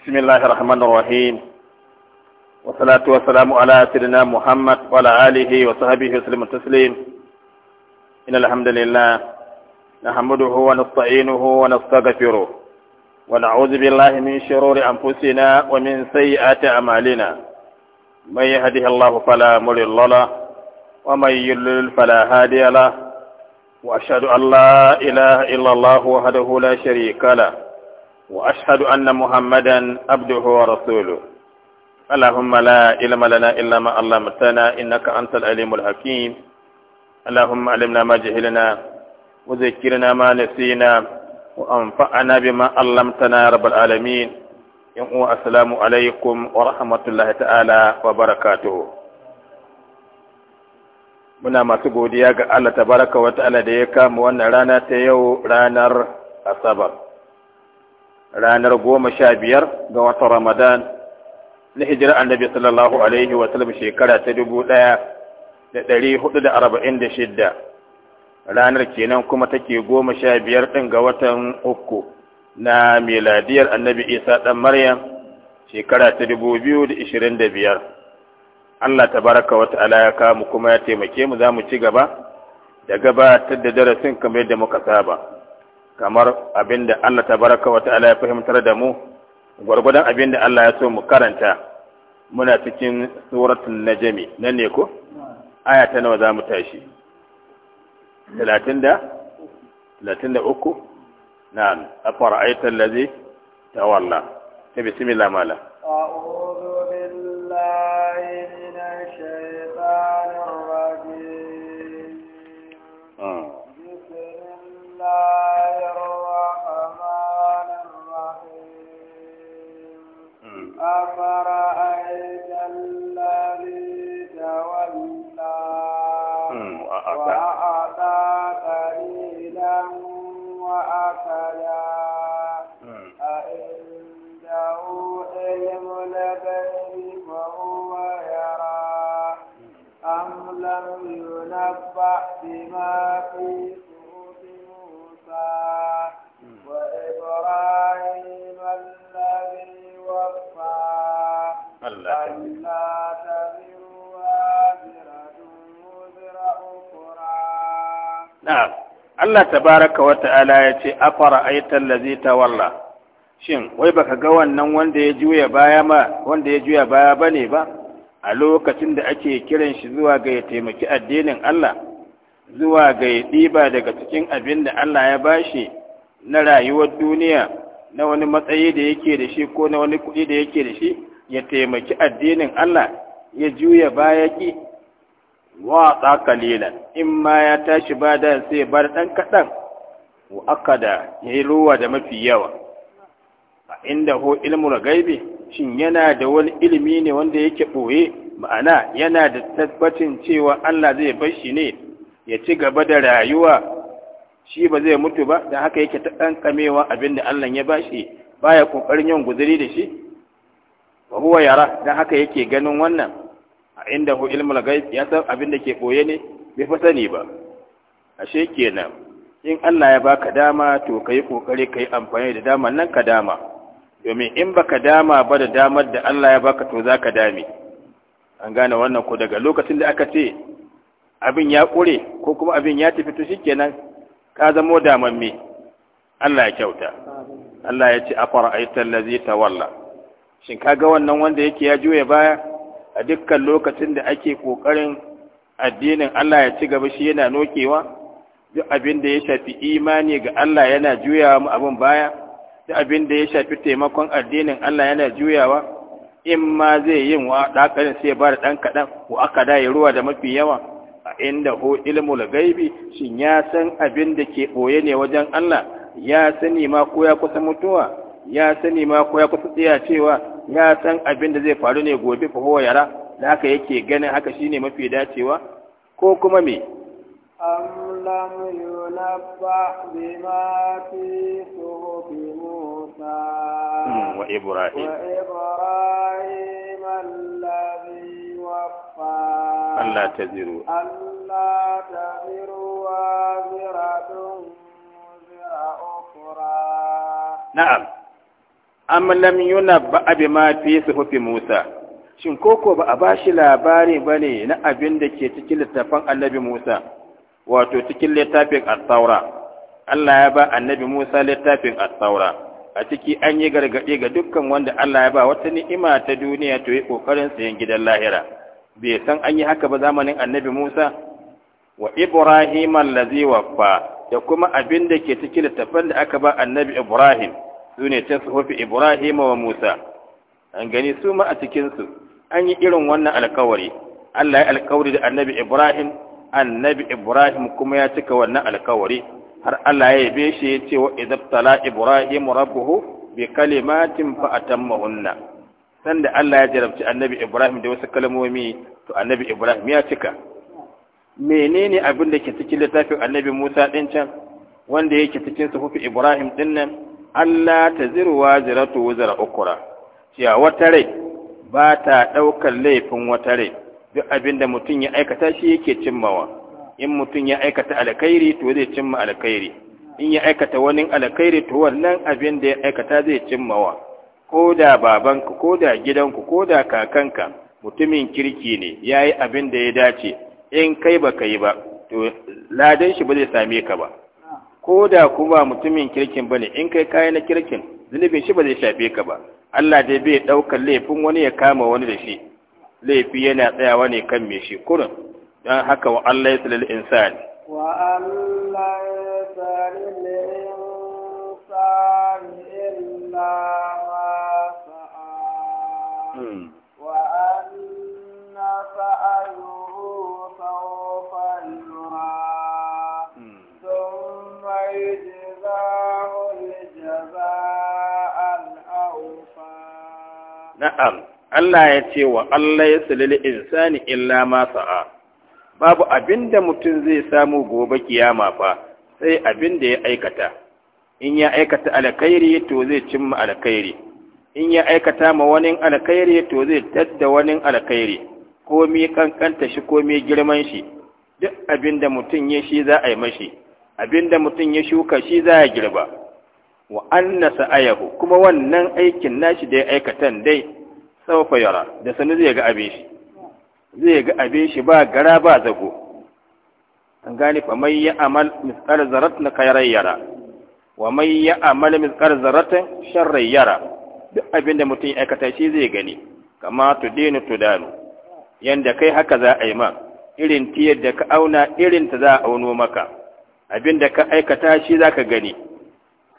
بسم الله الرحمن الرحيم والصلاة والسلام على سيدنا محمد وعلى آله وصحبه وسلم تسليم إن الحمد لله نحمده ونستعينه ونستغفره ونعوذ بالله من شرور أنفسنا ومن سيئات أعمالنا من يهده الله فلا مضل له ومن يضلل فلا هادي له وأشهد أن لا إله إلا الله وحده لا شريك له وأشهد أن محمدا عبده ورسوله اللهم لا علم لنا إلا ما علمتنا إنك أنت العليم الحكيم اللهم علمنا ما جهلنا وذكرنا ما نسينا وأنفعنا بما علمتنا يا رب العالمين يوم السلام عليكم ورحمة الله تعالى وبركاته muna masu godiya ga Allah tabaraka wa ta'ala da ya kama wannan rana ta yau ranar Asabar. ranar goma sha biyar ga watan Ramadan na hijirar annabi sallallahu alaihi wa shekara ta dubu ɗaya da ɗari hudu da arba'in da shidda ranar kenan kuma take goma sha biyar ɗin ga watan uku na miladiyar annabi isa ɗan maryam shekara ta dubu biyu da ishirin da biyar allah ta baraka ta'ala ya mu kuma ya taimake mu za mu ci gaba da gabatar da darasin kamar yadda muka saba kamar abin da Allah ta baraka wa ta'ala ya fahimtar da mu gwargwadon abin da Allah ya so mu karanta muna cikin suratul najmi nan ne ko aya ta nawa zamu tashi 30 da 33 na'am afara'aita ladhi tawalla bismillah mala na Allah tabaraka wa ta'ala ya ce afara aitan lazi tawalla shin wai baka ga wannan wanda ya juya baya ma wanda ba a lokacin da ake kiran shi zuwa ga ya taimaki addinin Allah zuwa ga ya daga cikin abin da Allah ya bashi na rayuwar duniya na wani matsayi da yake da shi ko na wani kuɗi da yake da shi ya taimaki addinin Allah ya juya baya ki wa ta kalilan in ma ya tashi ba da sai bar dan kadan wa akada yayi ruwa da mafi yawa A inda ho ilmu ragaibi shin yana da wani ilimi ne wanda yake boye ma'ana yana da tabbacin cewa Allah zai bar shi ne ya ci gaba da rayuwa shi ba zai mutu ba da haka yake ta kankamewa abinda Allah ya bashi baya kokarin yin guzuri da shi wa huwa yara dan haka yake ganin wannan A inda hu ilmul ghaib ya san abin da ke boye ne bai fa sani ba ashe kenan in Allah ya baka dama to kai kokari kai amfani da dama nan ka dama domin in baka dama ba da damar da Allah ya baka to zaka dame an gane wannan ko daga lokacin da aka ce abin ya kure ko kuma abin ya tafi to shikenan ka zamo me. Allah ya kyauta Allah ya ce afara aitan lazi tawalla shin kaga wannan wanda yake ya juya baya a dukkan lokacin da ake ƙoƙarin addinin Allah ya ci gaba shi yana nokewa duk abin da ya shafi imani ga Allah yana juyawa mu abin baya duk abin da ya shafi taimakon addinin Allah yana juyawa in ma zai yin wa ɗakarin sai ba da ɗan kaɗan ko aka da ruwa da mafi yawa a inda ho ilmul gaibi shin ya san abin da ke ɓoye ne wajen Allah ya sani ma ko ya kusa mutuwa ya sani ma ko ya kusa cewa ya san abin da zai faru ne gobe fa huwa yara da haka yake ganin haka shine mafi dacewa ko kuma me am lam yunabba bima fi suhufi musa hmm, wa ibrahim wa ibrahim alladhi waffa Allah taziru Allah taziru wa ziratun zira ukra na'am am lam yunabba bima fi suhufi Musa shin koko ba a bashi labari bane na abin da ke cikin littafin Annabi Musa wato cikin littafin At-Taura Allah ya ba Annabi Musa littafin At-Taura a ciki an yi gargaɗe ga dukkan wanda Allah ya ba wata ni'ima ta duniya to yi kokarin sayan gidan lahira bai san an yi haka ba zamanin Annabi Musa wa Ibrahim allazi waffa da kuma abin da ke cikin littafin da aka ba Annabi Ibrahim su ne ta suhufi Ibrahim wa Musa an gani su ma a cikinsu an yi irin wannan alkawari Allah ya alkawari da annabi Ibrahim annabi Ibrahim kuma ya cika wannan alkawari har Allah ya yabe shi ya ce wa idabtala Ibrahim rabbuhu bi kalimatin fa atammahunna sanda Allah ya jarabci annabi Ibrahim da wasu kalmomi to annabi Ibrahim ya cika menene abin da ke cikin littafin annabi Musa din can wanda yake cikin suhufi Ibrahim din Allah ta zirwa ziratu wuzara ukura cewa wata rai ba ta ɗaukar laifin wata rai duk abin da mutum ya aikata shi yake cimmawa in mutum ya aikata alkhairi to zai cimma alkhairi in ya aikata wani alkhairi to wannan abin da ya aikata zai cimmawa ko da babanka ko da gidanku ko da kakanka mutumin kirki ne ya yi abin da ya dace in kai ba ka yi ba to ladan shi ba zai same ka ba ko da kuma mutumin kirkin ba ne, in kai kaya na kirkin zunubin shi ba zai shafe ka ba Allah dai bai ɗaukar laifin wani ya kama wani da shi laifi yana tsayawa ne kan me shi kurin don haka wa Allah ya tsalil insani wa Allah ya insani illa ma sa'a hmm. wa anna sa'ayuhu na'am Allah ya ce wa Allah ya salili insani illa ma sa'a babu abin da mutum zai samu gobe kiyama fa sai abin da ya aikata in ya aikata alkhairi to zai cimma alkhairi in ya aikata ma wani alkhairi to zai tadda wani alkhairi komi kankanta shi komi girman shi duk abin da mutum ya shi za a yi mashi abin da mutum ya shuka shi za a girba wa anna sa'ayahu kuma wannan aikin nashi da ya aikatan dai saufa yara da sanu zai ga abin shi zai ga abin shi ba gara ba zago an gane fa mai ya amal misqal zaratna na yara wa mai ya amal misqal zarat sharran yara duk abin da mutum ya aikata shi zai gani kama to dinu to danu yanda kai haka za a yi ma irin tiyar da ka auna irin ta za a auno maka abin da ka aikata shi za ka gani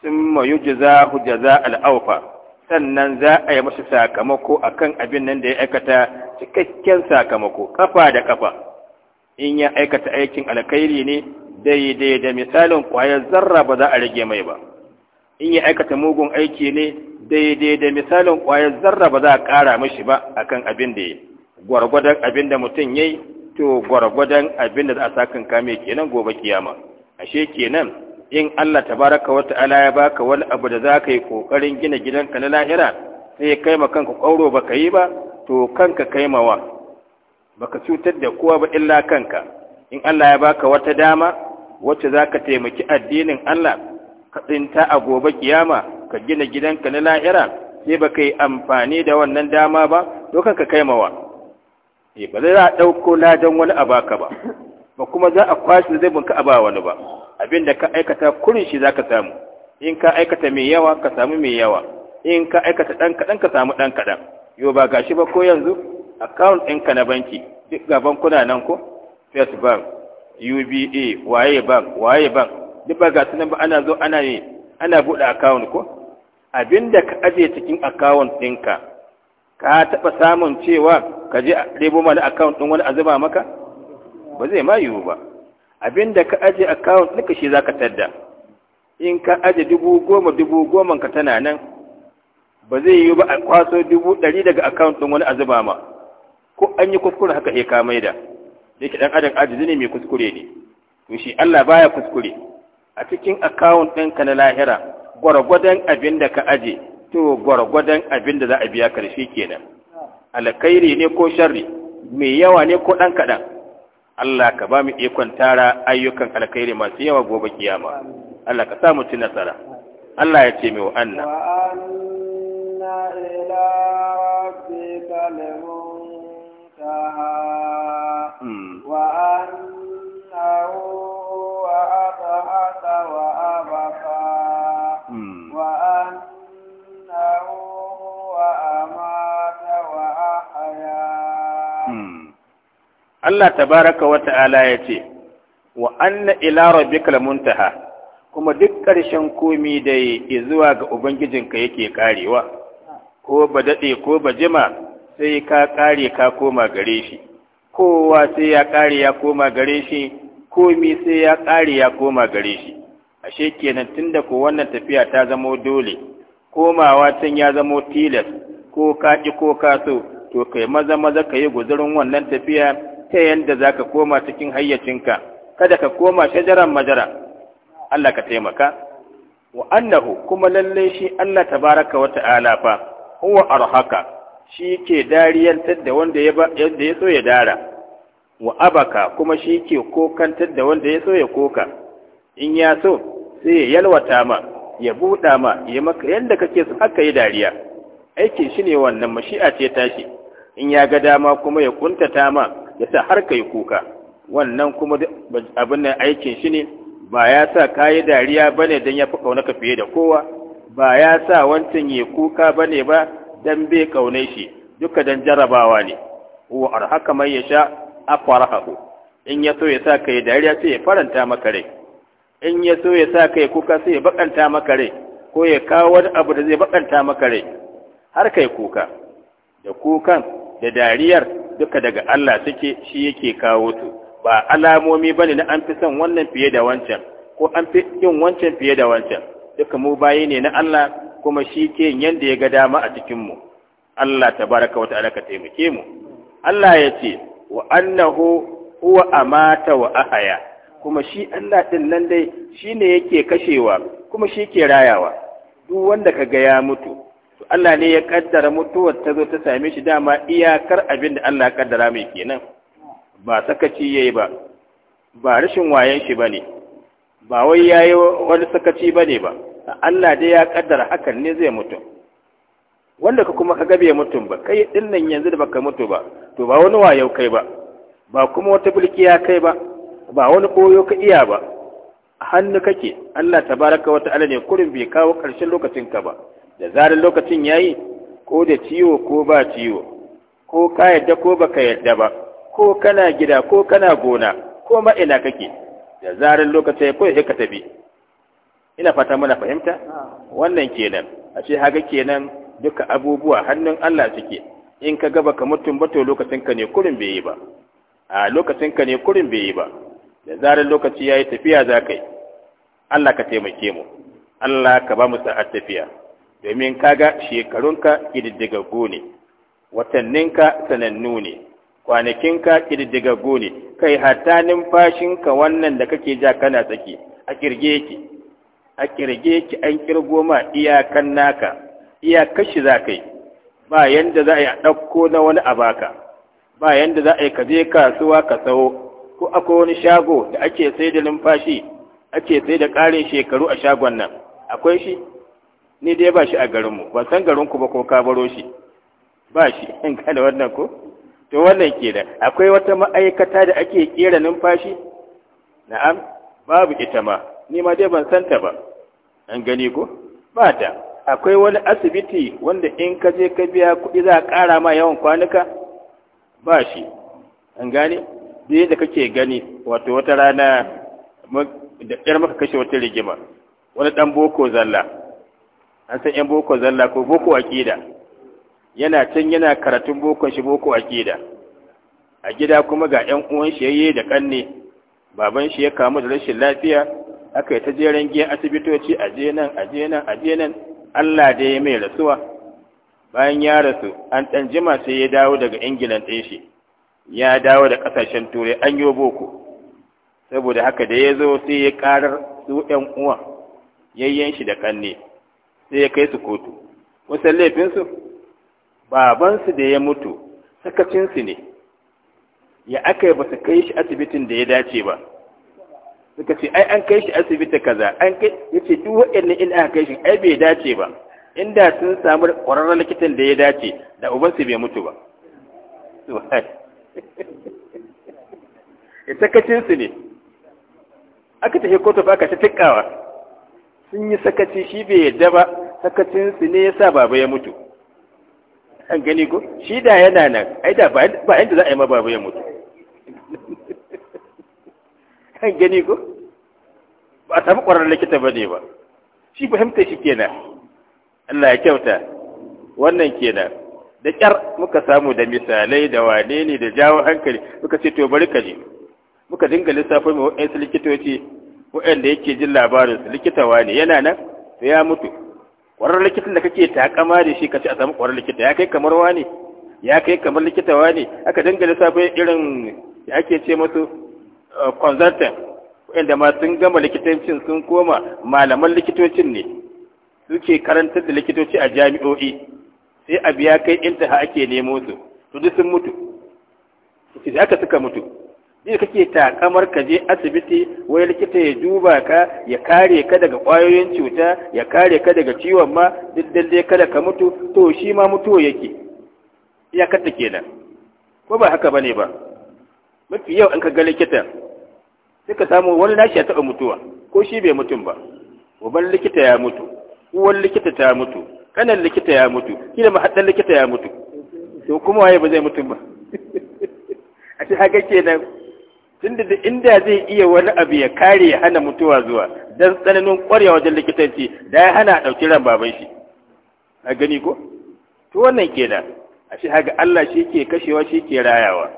thumma yujzahu hujaza al'aufa sannan za a yi masa sakamako akan abin nan da ya aikata cikakken sakamako kafa da kafa in ya aikata aikin alkhairi ne daidai da misalin kwayar zarra ba za a rage mai ba in ya aikata mugun aiki ne daidai da misalin kwayar zarra ba za a ƙara mashi ba akan abin da ya gwargwadon abin da mutum ya yi to gwargwadon abin da za a sa kan kame kenan gobe kiyama ashe kenan in Allah tabaraka wa ta'ala ya baka wani abu da zaka yi kokarin gina gidanka na lahira sai ya kai kanka kwauro baka yi ba to kanka Ba baka cutar da kowa ba illa kanka in Allah ya baka wata dama wacce zaka taimaki addinin Allah ka tsinta a gobe kiyama ka gina gidanka na lahira sai baka yi amfani da wannan dama ba to kanka kaimawa eh ba zai za a ɗauko ladan wani a baka ba ba kuma za a kwashe zai bunka ba wani ba Abin da ka aikata kurin shi za ka samu in ka aikata mai yawa ka samu mai yawa in ka aikata dan kaɗan, ka samu ɗan kaɗan. Yau ba ga shi ba ko yanzu Akawun ɗinka na banki duk ga bankuna nan ko First Bank UBA waye bank waye bank duk ba ga sunan ba ana zo ana yi ana buɗe akawun ko da ka aje cikin akawun ɗinka ka taɓa samun cewa ka je a ɗebo mana akawun ɗin wani a zuba maka ba zai ma yiwu ba Abin da ka aje account duka shi ka tadda in ka aje dubu goma dubu goma ka tana nan ba zai yiwu ba a kwaso dubu ɗari daga account ɗin wani a zuba ma ko an yi kuskure haka ya ka da yake ɗan adam ajizi ne mai kuskure ne to shi Allah baya kuskure a cikin account ka na lahira gwargwadon abin da ka aje to gwargwadon abin da za a biya karshe kenan alkhairi ne ko sharri mai yawa ne ko ɗan kaɗan Allah ka ba mu ikon tara ayyukan alkhairi masu yawa gobe kiyama Allah ka sa mu ci nasara Allah ya ce mai wa'anna Allah ta baraka wa ta'ala ya ce wa anna ila rabbikal muntaha kuma duk ƙarshen komi da zuwa ga ubangijinka yake ƙarewa? ko ba daɗe ko ba jima sai ka ƙare ka koma gare shi kowa sai ya ƙare ya koma gare shi komi sai ya ƙare ya koma gare shi ashe kenan tunda ko wannan tafiya ta zamo dole komawa can ya zamo tilas ko ka ƙi ko ka so to kai maza maza ka yi guzurin wannan tafiya ta yanda za ka koma cikin hayyacinka kada ka koma shajaran majara Allah ka taimaka wa annahu kuma lallai shi Allah tabaraka wa ta'ala fa huwa arhaka shi ke dariyantar da wanda ya so ya dara wa abaka kuma shi ke kokantar da wanda ya so ya koka in ya so sai ya yalwata ma ya buɗa ma ya maka yadda kake so aka yi dariya aikin shi ne wannan mashi'a ce tashi in ya ga dama kuma ya kuntata ma ya sa har ka yi kuka wannan kuma abin nan aikin shi ne ba ya sa ka yi dariya ba ne don ya fi ƙaunaka fiye da kowa ba ya sa wancan ya kuka ba ne ba don bai ƙaune shi duka don jarabawa ne wa arhaka mai ya sha a afarahu in ya so ya sa ka yi dariya sai ya faranta maka rai in ya so ya sa ka yi kuka sai ya bakanta maka rai ko ya kawo wani abu da zai bakanta maka rai har ka yi kuka da kukan da dariyar duka daga Allah suke shi yake kawo su ba alamomi bane na an fi son wannan fiye da wancan ko an fi yin wancan fiye da wancan duka mu bayi ne na Allah kuma shi ke yanda ya ga dama a cikin mu Allah tabaraka wa ta'ala ka taimake mu Allah ya ce wa annahu huwa amata wa ahaya kuma shi Allah din nan dai shine yake kashewa kuma shi ke rayawa duk wanda kaga ya mutu Allah ne ya kaddara mutuwar ta zo ta same shi dama iyakar abin da Allah ya kaddara mai kenan ba sakaci yayi ba ba rashin wayan shi bane ba wai yayi wani sakaci bane ba Allah dai ya kaddara hakan ne zai mutu wanda ka kuma ka gabe mutum ba kai dinnan yanzu da baka mutu ba to ba wani wayo kai ba ba kuma wata bulkiya kai ba ba wani koyo ka iya ba hannu kake Allah tabaraka wa ta'ala ne kurin bai kawo ƙarshen lokacin ka ba da zarar lokacin ya yi, ko da ciwo ko ba ciwo ko ka yadda ko baka yadda ba ko kana gida ko kana gona ko ma ina kake da zarar lokacin ya sai ka tafi ina fata muna fahimta wannan kenan ashe haka kenan duka abubuwa hannun Allah suke in ka gaba ka mutum ba to lokacin ka ne kurin bai yi ba a lokacin ka ne kurin bai yi ba da zarar lokaci yayi tafiya za kai Allah ka taimake mu Allah ka ba mu sa'ar tafiya domin kaga shekarunka ƙididdigaggu ne ka sanannu ne kwanakinka ƙididdigaggu ne kai hatta numfashinka wannan da kake ja kana tsaki a kirge ki. a kirge yake an kirgo ma iyakan naka iya kashi za kai ba yanda za a yi ɗauko na wani abaka ba yanda za a yi ka je kasuwa ka sawo ko akwai wani shago da ake sai da numfashi ake sai da ƙarin shekaru a shagon nan akwai shi ni dai ba shi a garinmu ban san garinku ba ko ka baro shi ba shi in gane wannan ko to wannan ke da akwai wata ma'aikata da ake kera numfashi na'am babu ita ma ni ma dai ban santa ba an gani ko ba ta akwai wani asibiti wanda in ka je ka biya kuɗi za a ƙara ma yawan kwanuka ba shi an gane da yadda kake gani wato wata rana da ƙyar maka kashe wata rigima wani ɗan boko zalla an san yan boko zalla ko boko akida yana can yana karatun boko shi boko akida a gida kuma ga yan uwan shi yayye da kanne baban shi ya kamu da rashin lafiya aka yi ta jeren giyan asibitoci a je nan a je nan a je nan Allah da ya mai rasuwa bayan ya rasu an ɗan jima sai ya dawo daga ingilan ɗin shi ya dawo da ƙasashen turai an yi boko saboda haka da ya zo sai ya ƙarar su ‘yan uwan yayyen shi da kanne sai ya kai su kotu wasan laifinsu babansu da ya mutu sakacinsu ne ya aka yi ba su kai shi asibitin da ya dace ba suka ce ai an kai shi asibiti kaza an kai ya ce duk waɗannan ina aka kai shi ai bai dace ba inda sun samu ƙwararren likitan da ya dace da ubansu bai mutu ba ya sakacinsu ne aka tafi kotu ba aka ta tikkawa sun yi sakaci shi bai yadda ba sakacinsu ne ya sa baba ya mutu an gani ko shi da yana nan ai da ba inda za a yi ma baba ya mutu an gani ko ba a samu ƙwararren likita ba ne ba shi fahimta shi kenan Allah ya kyauta wannan kenan da ƙyar muka samu da misalai da wane ne da jawo hankali muka ce to bari ka je muka dinga lissafo mai wa'ansu likitoci wa'anda yake jin labarinsu likita wane yana nan to ya mutu kwarar likitan da kake kama da shi ka ce a samu kwarar likita ya kai kamar wani ya kai kamar likita wani aka dangane safai irin ya ake ce masu eh, consultant wanda ma sun gama likitancin sun koma malaman likitocin ne suke karantar da likitoci a jami'o'i sai abu ya kai intaha ake nemo su to duk sun mutu sai aka suka mutu ne kake takamar ka je asibiti wai likita ya duba ka ya kare ka daga ƙwayoyin cuta ya kare ka daga ciwon ma duk dai kada ka mutu to shi ma mutuwa yake ya ta kenan ko ba haka bane ba mafi yau an ka ga likita sai ka samu wani nashi ya taɓa mutuwa ko shi bai mutum ba uban likita ya mutu uwan likita ta mutu kanan likita ya mutu kila hadan likita ya mutu to kuma waye ba zai mutum ba a shi haka kenan tunda da inda zai iya wani abu ya kare ya hana mutuwa zuwa dan tsananin kwarewa wajen likitanci da ya hana ɗauki ran baban shi a gani ko to wannan kenan a shi haka Allah shi ke kashewa shi ke rayawa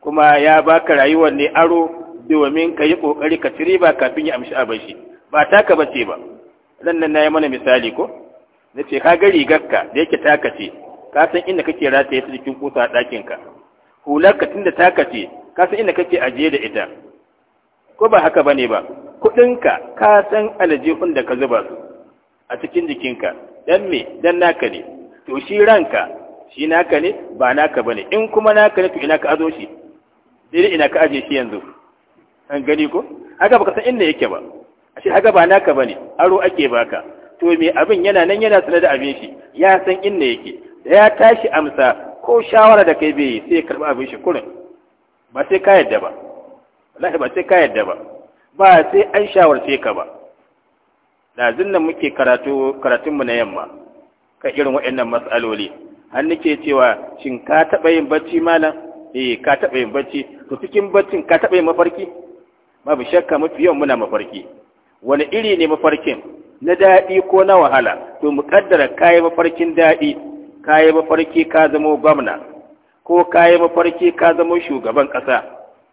kuma ya baka rayuwar ne aro domin ka yi ƙoƙari ka tiri ba kafin ya amshi abin shi ba taka bace ba nan nan nayi mana misali ko na ka ga rigarka da yake taka ce ka san inda kake rataye ta jikin kusa a ɗakinka ka tunda taka ce ka san inda kake ajiye da ita ko ba haka bane ba kuɗinka ka san aljihun da ka zuba su a cikin jikinka dan me dan naka ne to shi ranka shi naka ne ba naka bane in kuma naka ne to ina ka azo shi dai ina ka aje shi yanzu an gani ko haka baka san inda yake ba ashe haka ba naka bane aro ake baka to me abin yana nan yana sanar da abin shi ya san inda yake da ya tashi amsa ko shawara da kai bai sai ya karba abin shi kurin ba sai ka yadda ba wallahi ba sai ka yadda ba ba sai an shawarce ka ba lazin nan muke karatu karatun mu na yamma ka irin waɗannan matsaloli har nake cewa shin ka taɓa yin bacci malam eh ka taɓa yin bacci to cikin baccin ka taɓa yin mafarki babu shakka mafi yawan muna mafarki wani iri ne mafarkin na daɗi ko na wahala to mu kaddara kayi mafarkin daɗi kayi mafarki ka zama gwamna ko ka yi mafarki ka zama shugaban ƙasa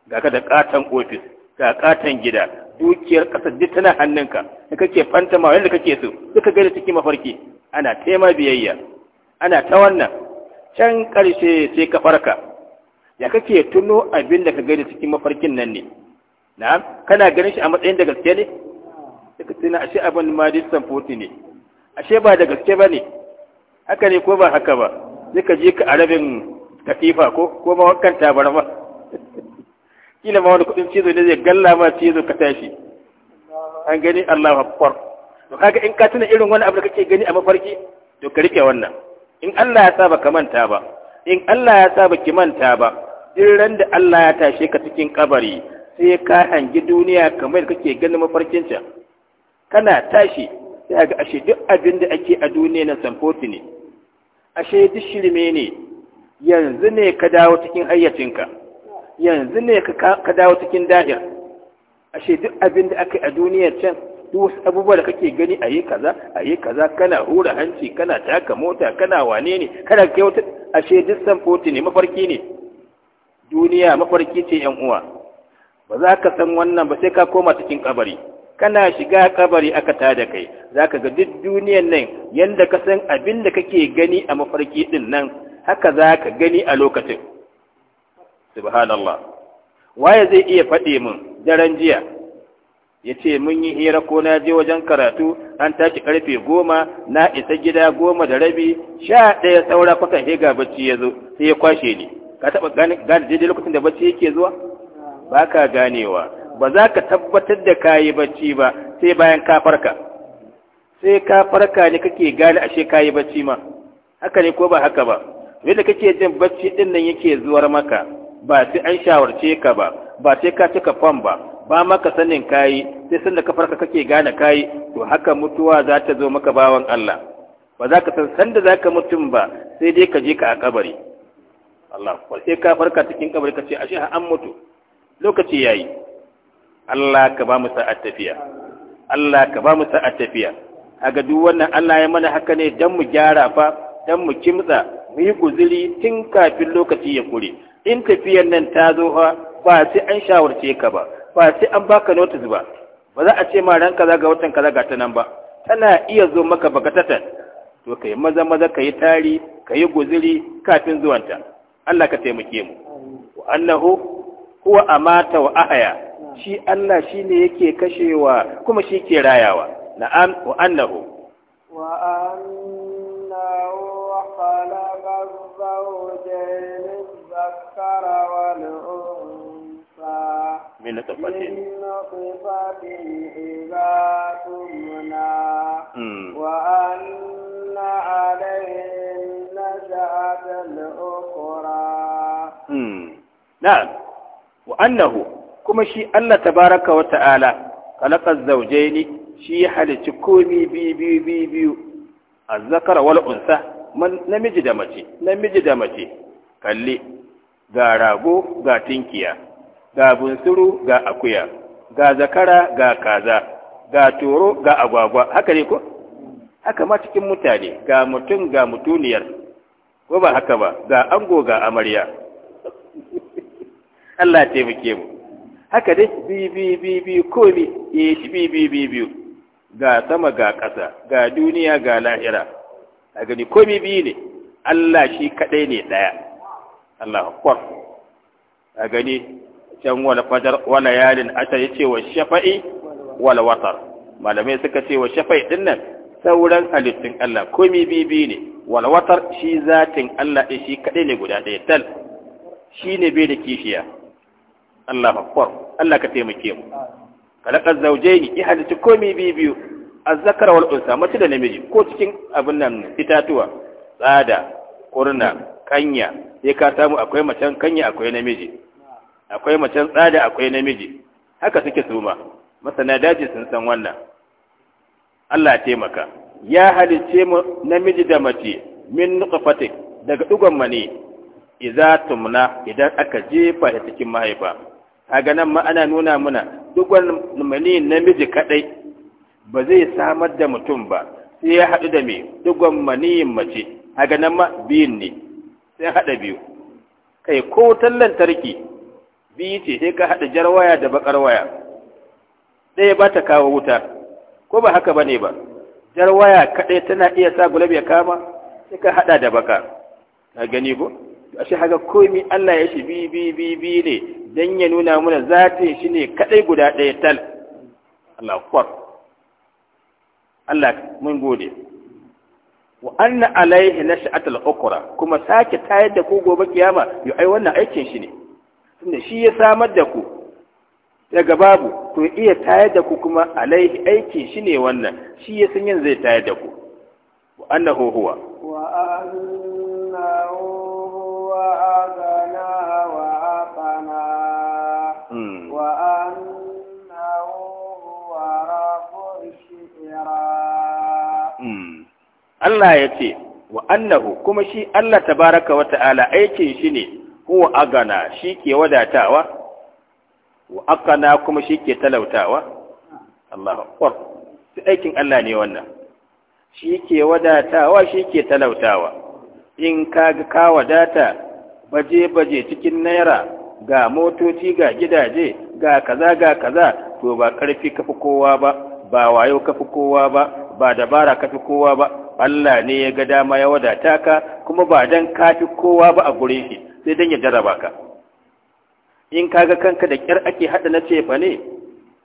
ga ka da ƙaton ofis ga ƙaton gida dukiyar ƙasa duk tana hannunka da kake fantama yadda kake so duka gani cikin mafarki ana tema biyayya ana ta wannan can ƙarshe sai ka farka ya kake tuno abin da ka gani cikin mafarkin nan ne na'am kana ganin shi a matsayin da gaske ne suka tuna ashe abin ma distan foti ne ashe ba da gaske ba ne haka ne ko ba haka ba sai ka je ka a rabin katifa ko ko ma wankan tabarma kila ma wani kudin cizo ne zai galla ma cizo ka tashi an gani Allah akbar to kaga in ka tuna irin wani abu da kake gani a mafarki to ka rike wannan in Allah ya sa baka manta ba in Allah ya sa baki manta ba din ran da Allah ya tashe ka cikin kabari sai ka hangi duniya kamar kake ganin mafarkin ta kana tashi sai ga ashe duk abin da ake a duniya na samfoti ne ashe duk shirme ne yanzu ne ka dawo cikin hayyacinka yanzu ne ka dawo cikin da'ir ashe duk abin da aka yi a duniyar can duk wasu abubuwa da kake gani a yi kaza a yi kaza kana hura hanci kana taka mota kana wane ne kana kai wata ashe duk samfoti ne mafarki ne duniya mafarki ce yan uwa ba za ka san wannan ba sai ka koma cikin kabari kana shiga kabari aka ta da kai za ka ga duk duniyan nan yanda ka san abin da kake gani a mafarki din nan haka za ka gani a lokacin subhanallah waye zai iya faɗi min daren jiya ya ce mun yi hira ko na je wajen karatu an tashi karfe goma na isa gida goma da rabi sha ɗaya saura kuka hega bacci ya zo sai ya kwashe ni ka taɓa gane daidai lokacin da bacci yake zuwa ba ka ganewa ba za ka tabbatar da ka yi bacci ba sai bayan ka farka sai ka farka ne kake gane ashe ka yi bacci ma haka ne ko ba haka ba yadda kake jin bacci din nan yake zuwar maka ba sai an shawarce ka ba ba sai ka cika fam ba ba maka sanin kayi sai sanda ka farka kake gane kayi to haka mutuwa za ta zo maka bawan Allah ba za ka san sanda za ka mutum ba sai dai ka je ka a kabari Allah ko sai ka farka cikin kabari ka ce ashe an mutu lokaci yayi Allah ka ba mu sa'a tafiya Allah ka ba mu sa'a tafiya ga duk wannan Allah ya mana haka ne dan mu gyara fa dan mu kimtsa mu yi guziri tun kafin lokaci ya kure in tafiyar nan ta zo ha ba sai an shawarce ka ba ba sai an baka notis ba ba za a ce ma ran kaza ga watan kaza ga ta nan ba tana iya zo maka bakatatan to kai maza maza kai tari kai guziri kafin zuwanta Allah ka taimake mu wa annahu huwa amata wa ahya shi Allah shine yake kashewa kuma shi ke rayawa na'am wa annahu wa annahu الذكر والأنثى من نطفة إذا تمنى وأن عليه النشأة الأخرى نعم وأنه كما شيء الله تبارك وتعالى خلق الزوجين شيء حالة كومي بي بي بي بي الذكر والأنثى namiji da mace namiji da mace kalli ga rago ga tinkiya ga bunsuru ga akuya ga zakara ga kaza ga toro ga agwagwa haka ne ko haka ma cikin mutane ga mutum ga mutuniyar ko ba haka ba ga ango ga amarya Allah ya taimake mu haka dai bi bi bi bi komi eh bi bi bi bi ga sama ga ƙasa ga duniya ga lahira a gani komi biyu ne Allah shi kaɗai ne ɗaya Allah kwar a gani can wala fajar wala yalin asha ya ce wa shafa'i wala watar malamai suka ce wa shafa'i ɗin nan sauran halittun Allah komi biyu biyu ne wala watar shi zatin Allah ɗin shi kaɗai ne guda ɗaya tal shi ne bai da kishiya Allah kwar Allah ka taimake mu kalakar zauje ni ya halitta komi biyu biyu azzakar wal unsa mace da namiji ko cikin abin nan itatuwa tsada kurna kanya sai ka samu akwai macen kanya akwai namiji akwai macen tsada akwai namiji haka suke suma masana daji sun san wannan Allah ya taimaka ya halice mu namiji da mace min nuqfatik daga dugon mani idza tumna idan aka jefa ta cikin mahaifa kaga nan ma ana nuna muna dugon mani namiji kadai ba zai samar da mutum ba sai ya haɗu da me digon maniyin mace haka nan ma biyun ne sai haɗa biyu kai ko wutar lantarki biyu ce sai ka haɗa jar waya da bakar waya ɗaya ba ta kawo wuta ko ba haka ba ne ba jar waya kaɗai tana iya sa gulab ya kama sai ka haɗa da baka ka gani ko ashe haka komi Allah ya shi bi bi bi bi ne dan ya nuna mana zatin shi ne kaɗai guda ɗaya tal Allah kwar Allah mun gode wa anna alaihi sha'atar ukra kuma sake tayar da ku gobe kiyama yi ai wannan aikin shi ne tunda shi ya samar da ku daga babu to iya tayar da ku kuma alaihi aikin shi ne wannan shi ya san yin zai tayar da ku wa annahu huwa wa Allah ya ce wa annahu kuma shi Allah tabaraka wa ta'ala aikin shi ne huwa agana shi ke wadatawa wa akana kuma shi ke talautawa Allah haƙwar, sai aikin Allah ne wannan shi ke wadatawa shi ke talautawa in kaga ka wadata baje baje cikin naira ga motoci ga gidaje ga kaza ga kaza to ba karfi kafi kowa ba ba wayo kafi kowa ba ba dabara kafi kowa ba Allah ne ya ga dama ya wadata ka kuma ba dan ka fi kowa ba a gurin shi sai dan ya jaraba ka in ka ga kanka da kyar ake hada na cefa ne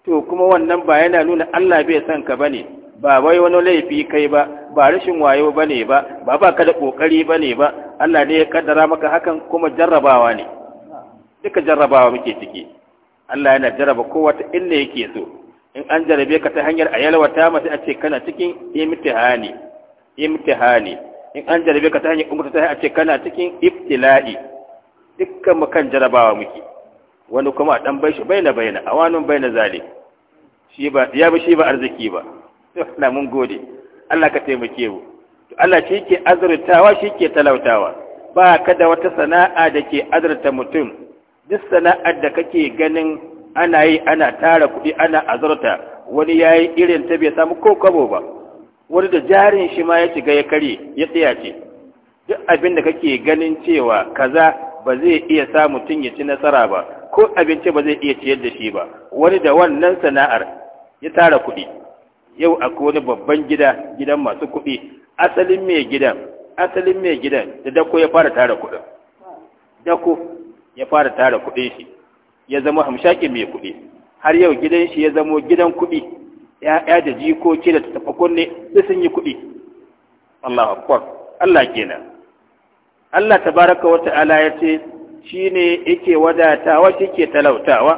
to kuma wannan ba yana nuna Allah bai san ka bane ba wai wani laifi kai ba ba rashin wayo bane ba ba ba ka da kokari bane ba Allah ne ya kaddara maka hakan kuma jarrabawa ne duka jarrabawa muke ciki Allah yana jarraba kowa ta inda yake so in an jarabe ka ta hanyar a yalwata masu a ce kana cikin imtihani imtihani in an jarabe ka ta hanyar umurta ta a ce kana cikin ibtila'i dukkan mu kan jarabawa muke wani kuma a ɗan bai shi bai na, a wani baina zalim shi ba ya bi shi ba arziki ba na mun gode Allah ka taimake mu Allah shi ke azurtawa shi ke talautawa ba ka da wata sana'a da ke azurta mutum duk sana'ar da kake ganin ana yi ana tara kuɗi ana azurta wani yayi irin ta bai samu ko kabo ba wani da jarin shi ma ya shiga ya kare ya tsaya ce duk abin da kake ganin cewa kaza ba zai iya sa mutum ya ci nasara ba ko abinci ba zai iya ciyar da shi ba wani da wannan sana'ar ya tara kuɗi yau akwai wani babban gida gidan masu kuɗi asalin mai gidan asalin mai gidan da dako ya fara tara kuɗin dako ya fara tara kuɗin shi ya zama hamshakin mai kuɗi har yau gidan shi ya zamo gidan kuɗi ya'ya da jikoki da taɓa kunne sai sun yi kuɗi Allahu akbar Allah kenan Allah baraka wa ta'ala ya ce shi ne yake wadatawa shi ke talautawa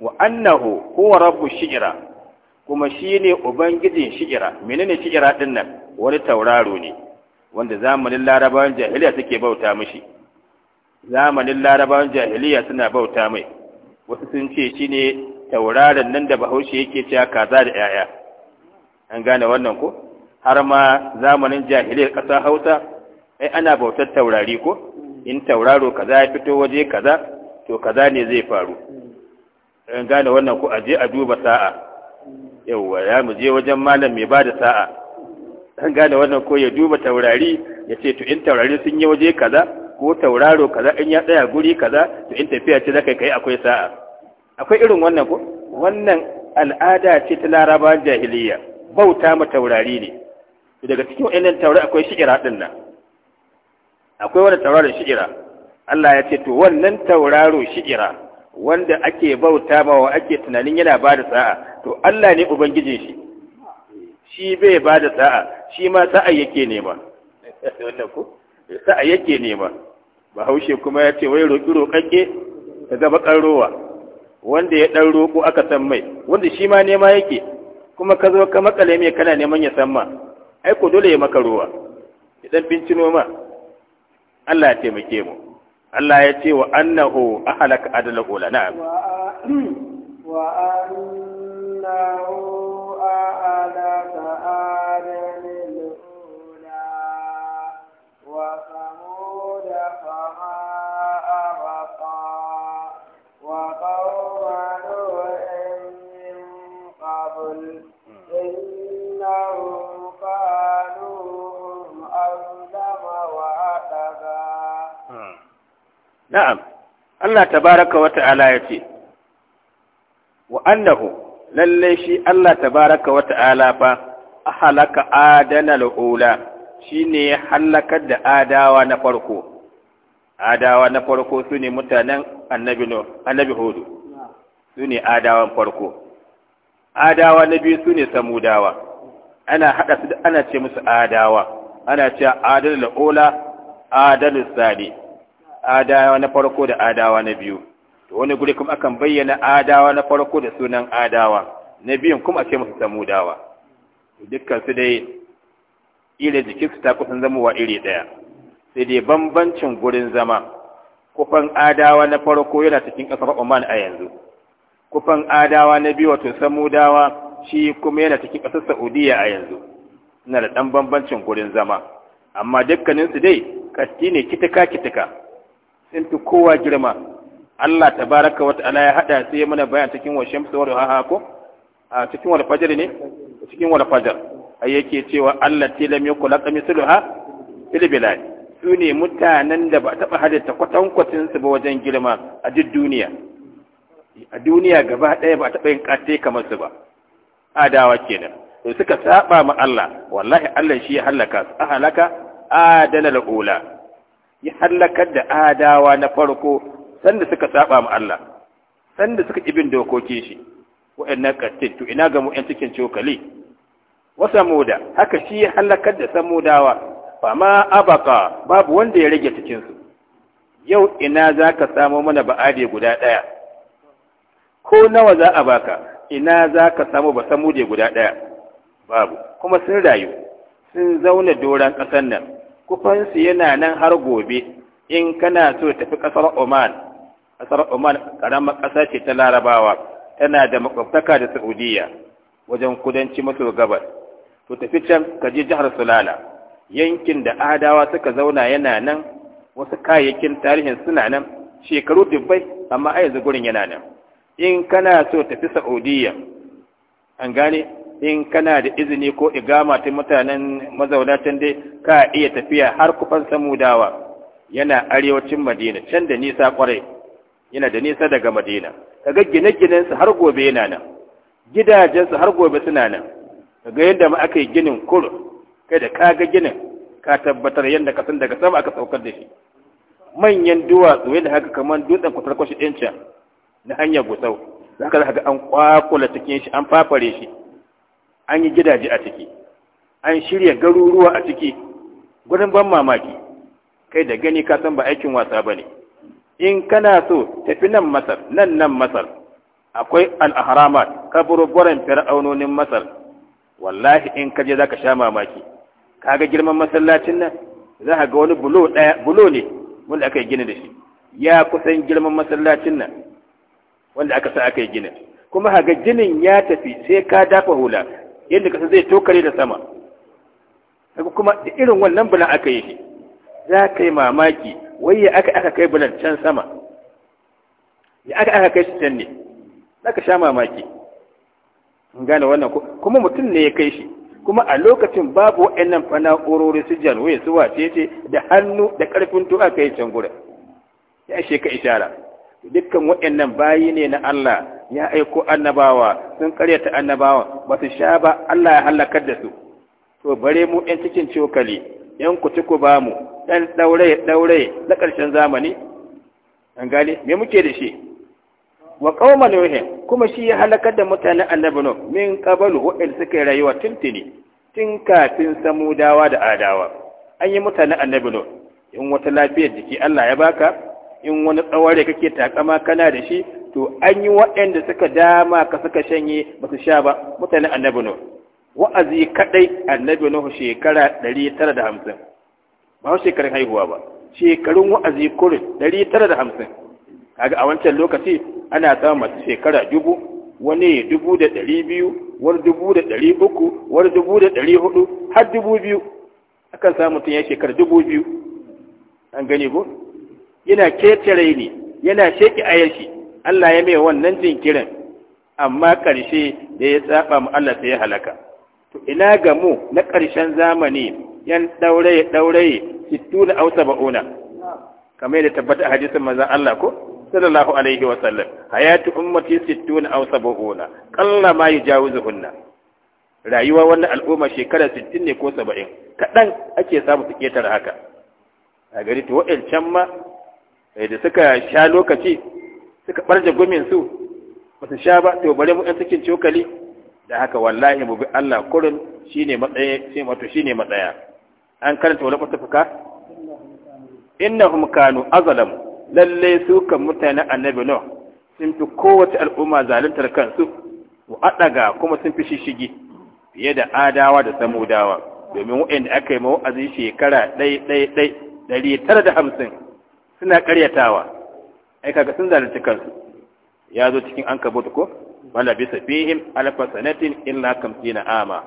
wa annahu huwa rabbu shi'ira kuma shi ne ubangijin shi'ira menene shi'ira din nan wani tauraro ne wanda zamanin larabawan jahiliya suke bauta mishi zamanin larabawan jahiliya suna bauta mai wasu sun ce shi ne tauraron nan da bahaushe yake cewa kaza da 'ya'ya an gane wannan ko har ma zamanin jahiliyar ƙasa hausa ai ana bautar taurari ko in tauraro kaza ya fito waje kaza to kaza ne zai faru an gane wannan ko a je a duba sa'a yauwa ya mu je wajen malam mai ba da sa'a an gane wannan ko ya duba taurari ya ce to in taurari sun yi waje kaza ko tauraro kaza in ya tsaya guri kaza to in tafiya ce za kai akwai sa'a akwai irin wannan ko wannan al'ada ce ta laraba jahiliya bauta ma taurari ne daga cikin wa'annan taurari akwai shi'ira din nan akwai wani tauraron shi'ira Allah ya ce to wannan tauraro shi'ira wanda ake bauta ma wa ake tunanin yana ba da sa'a to Allah ne ubangijin shi shi bai ba da sa'a shi ma sa'a yake nema wannan ko sa'a yake nema bahaushe kuma ya ce wai roƙi roƙanke Ka zama ƙarowa wanda ya ɗan roƙo aka san mai wanda shi ma nema yake kuma ka zo ka makale mai kana neman ya san ma ai ko dole ya maka ruwa Idan binci noma, ma Allah ya taimake mu Allah ya ce wa annahu ahlaka adala qulana wa annahu na'am Allah tabaraka wa ta'ala ya ce wa annahu lalle shi Allah tabaraka wa ta'ala fa halaka adana al'ula shine ya halakar da adawa na farko adawa na farko su ne mutanen annabi no annabi hudu su ne adawan farko adawa na biyu su ne samudawa ana hada su ana ce musu adawa ana ce adalul ula adalus sadi adawa na farko da adawa na biyu to wani guri kuma akan bayyana adawa na farko da sunan adawa na biyun kuma a ce musu samudawa dukkan su dai ire jikinsu ta kusan zama wa iri ɗaya sai dai bambancin gurin zama kufan adawa na farko yana cikin kasar Oman a yanzu kufan adawa na biyu wato samudawa shi kuma yana cikin ƙasar Saudiya a yanzu suna da ɗan bambancin gurin zama amma dukkaninsu dai kasti ne kitika kitika sun fi kowa girma Allah Ta baraka wata ala ya haɗa sai mana bayan cikin wa shamsu wa duhaha ko a cikin wani fajar ne cikin wani fajar? ai yake cewa Allah ta lam yakula qamithluha fil bilad su ne mutanen da ba taba halitta kwatankwacin su ba wajen girma a duk duniya a duniya gaba ɗaya ba taɓa yin ƙate kamar su ba adawa kenan to suka saba ma Allah wallahi Allah shi ya halaka su a halaka adana la'ula. ya halakar da adawa na farko sanda suka saba mu Allah sanda suka ibin dokoki shi wa'annan kattin to ina ga mu yan cikin cokali wa samuda haka shi ya halakar da samudawa fa ma abaka babu wanda ya rage cikin su yau ina zaka samo mana ba'ade guda daya ko nawa za a baka ina zaka samu ba samude guda ɗaya? babu kuma sun rayu sun zauna doron ƙasar nan kufansu yana nan har gobe in kana so tafi ƙasar Oman ƙasar Oman ƙaramar ƙasa ce ta Larabawa tana da makwabtaka da Saudiya wajen kudanci maso gabas to tafi can ka je jihar Sulala yankin da Adawa suka zauna yana nan wasu kayayyakin tarihin suna nan shekaru dubbai amma a yanzu gurin yana nan in kana so tafi Saudiya an gane in kana da izini ko igama ta mutanen mazauna can dai ka iya tafiya har kufan samudawa yana arewacin madina can da nisa kwarai yana da nisa daga madina kaga gine-ginensu har gobe yana nan gidajensu har gobe suna nan kaga yadda ma aka yi ginin kur kai da ga ginin ka tabbatar yadda ka san daga sama aka saukar da shi manyan duwatsu yadda haka kamar dutsen kusurkwashi ɗin can na hanyar gusau za ka ga an kwakula cikin shi an fafare shi an yi gidaje a ciki an shirya garuruwa a ciki Gudun ban mamaki kai da gani ka san ba aikin wasa ba ne in kana so tafi nan masar nan nan masar akwai al'aharamat kaburburan fir'aunonin masar wallahi in ka je za ka sha mamaki ka ga girman masallacin nan za ka ga wani bulo ne wanda aka yi gini da shi ya kusan girman masallacin nan wanda aka sa aka yi gina. kuma haga jinin ya tafi sai ka dafa hula yadda kasa zai tokare da sama kuma da irin wannan bulan aka yi shi za ka yi mamaki wai ya aka aka kai bulan can sama ya aka aka kai shi can ne za ka sha mamaki in gane wannan kuma mutum ne ya kai shi kuma a lokacin babu fana ƙorori su janwe su wace ce da hannu da ƙarfin tuwa yi can gura ya ishe ka ishara dukkan waɗannan bayi ne na Allah ya aiko annabawa sun karyata annabawa ba su sha ba Allah ya halaka da su to bare mu ɗan cikin cokali ɗan kutuku ba mu ɗan ɗaure ɗaure na ƙarshen zamani an gane me muke da shi wa qauma nuhin kuma shi ya halakar da mutanen annabi nuh min qablu wa'il suka rayuwa tuntuni tun kafin samudawa da adawa an yi mutanen annabi nuh in wata lafiyar jiki Allah ya baka in wani tsawon kake takama kana da shi to an yi waɗanda suka dama ka suka shanye ba su sha ba mutane annabi nuhu wa'azi kadai annabi nuhu shekara 950 ba shekarun haihuwa ba shekarun wa'azi kurin 950 kaga a wancan lokaci ana samun masu shekara dubu wani dubu da ɗari biyu wani dubu da ɗari uku wani dubu da ɗari hudu har dubu biyu akan samu mutum ya shekara dubu biyu an gani ko yana ketare ne yana sheki ayashi Allah ya mai wannan jinkirin amma ƙarshe da ya saba mu Allah sai ya halaka to ina ga mu na ƙarshen zamani yan ɗauraye-ɗauraye dauraye sittuna au sab'una kamar da tabbata a hadisin manzon Allah ko sallallahu alaihi wa sallam hayatu ummati sittuna aw sab'una qalla ma yujawizuhunna rayuwa wannan al'umma shekara 60 ne ko 70 kadan ake samu su ketare haka a gari to can ma Eh, da suka sha lokaci suka barje gumin su ba su sha ba to bare mu ɗan cikin cokali da haka wallahi mu bi Allah kurin shine matsaye sai wato shine matsaya an karanta wala fatafuka innahum kanu azlam lalle su kan mutane annabi no sun fi kowace al'umma zaluntar kansu wa adaga kuma sun fi shishigi fiye da adawa da samudawa domin wa'anda aka yi mawa'azi shekara ɗai ɗai ɗai ɗari tara da hamsin suna karyatawa ai kaga sun zalunci kansu ya zo cikin an kabut ko wala bi sabihim alfa sanatin illa kamsina ama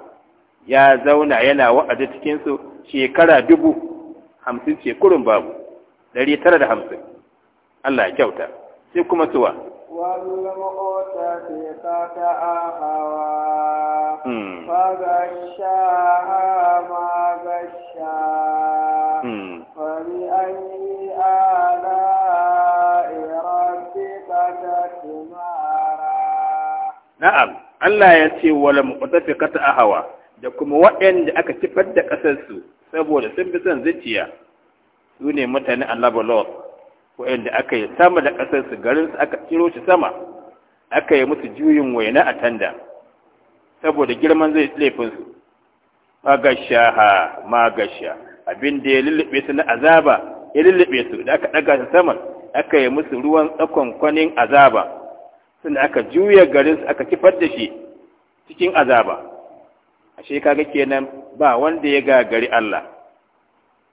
ya zauna yana wa'azi cikin su shekara dubu hamsin ce kurun babu ɗari tara da hamsin Allah ya kyauta sai kuma suwa فغشاها ما na'am Allah ya ce wa wala a hawa da kuma waɗanda aka kifar da ƙasarsu su saboda sun fi son zuciya su ne mutane a Lot waɗanda aka yi sama da ƙasarsu su garin su aka ciro shi sama aka yi musu juyin waina a tanda saboda girman zai laifinsu. magasha ha magasha abin da ya lullube su na azaba ya lullube su da aka ɗaga su saman aka yi musu ruwan tsakon kwanin azaba sun aka juya garin aka kifar da shi cikin azaba ashe kaga kenan ba wanda ya ga gari Allah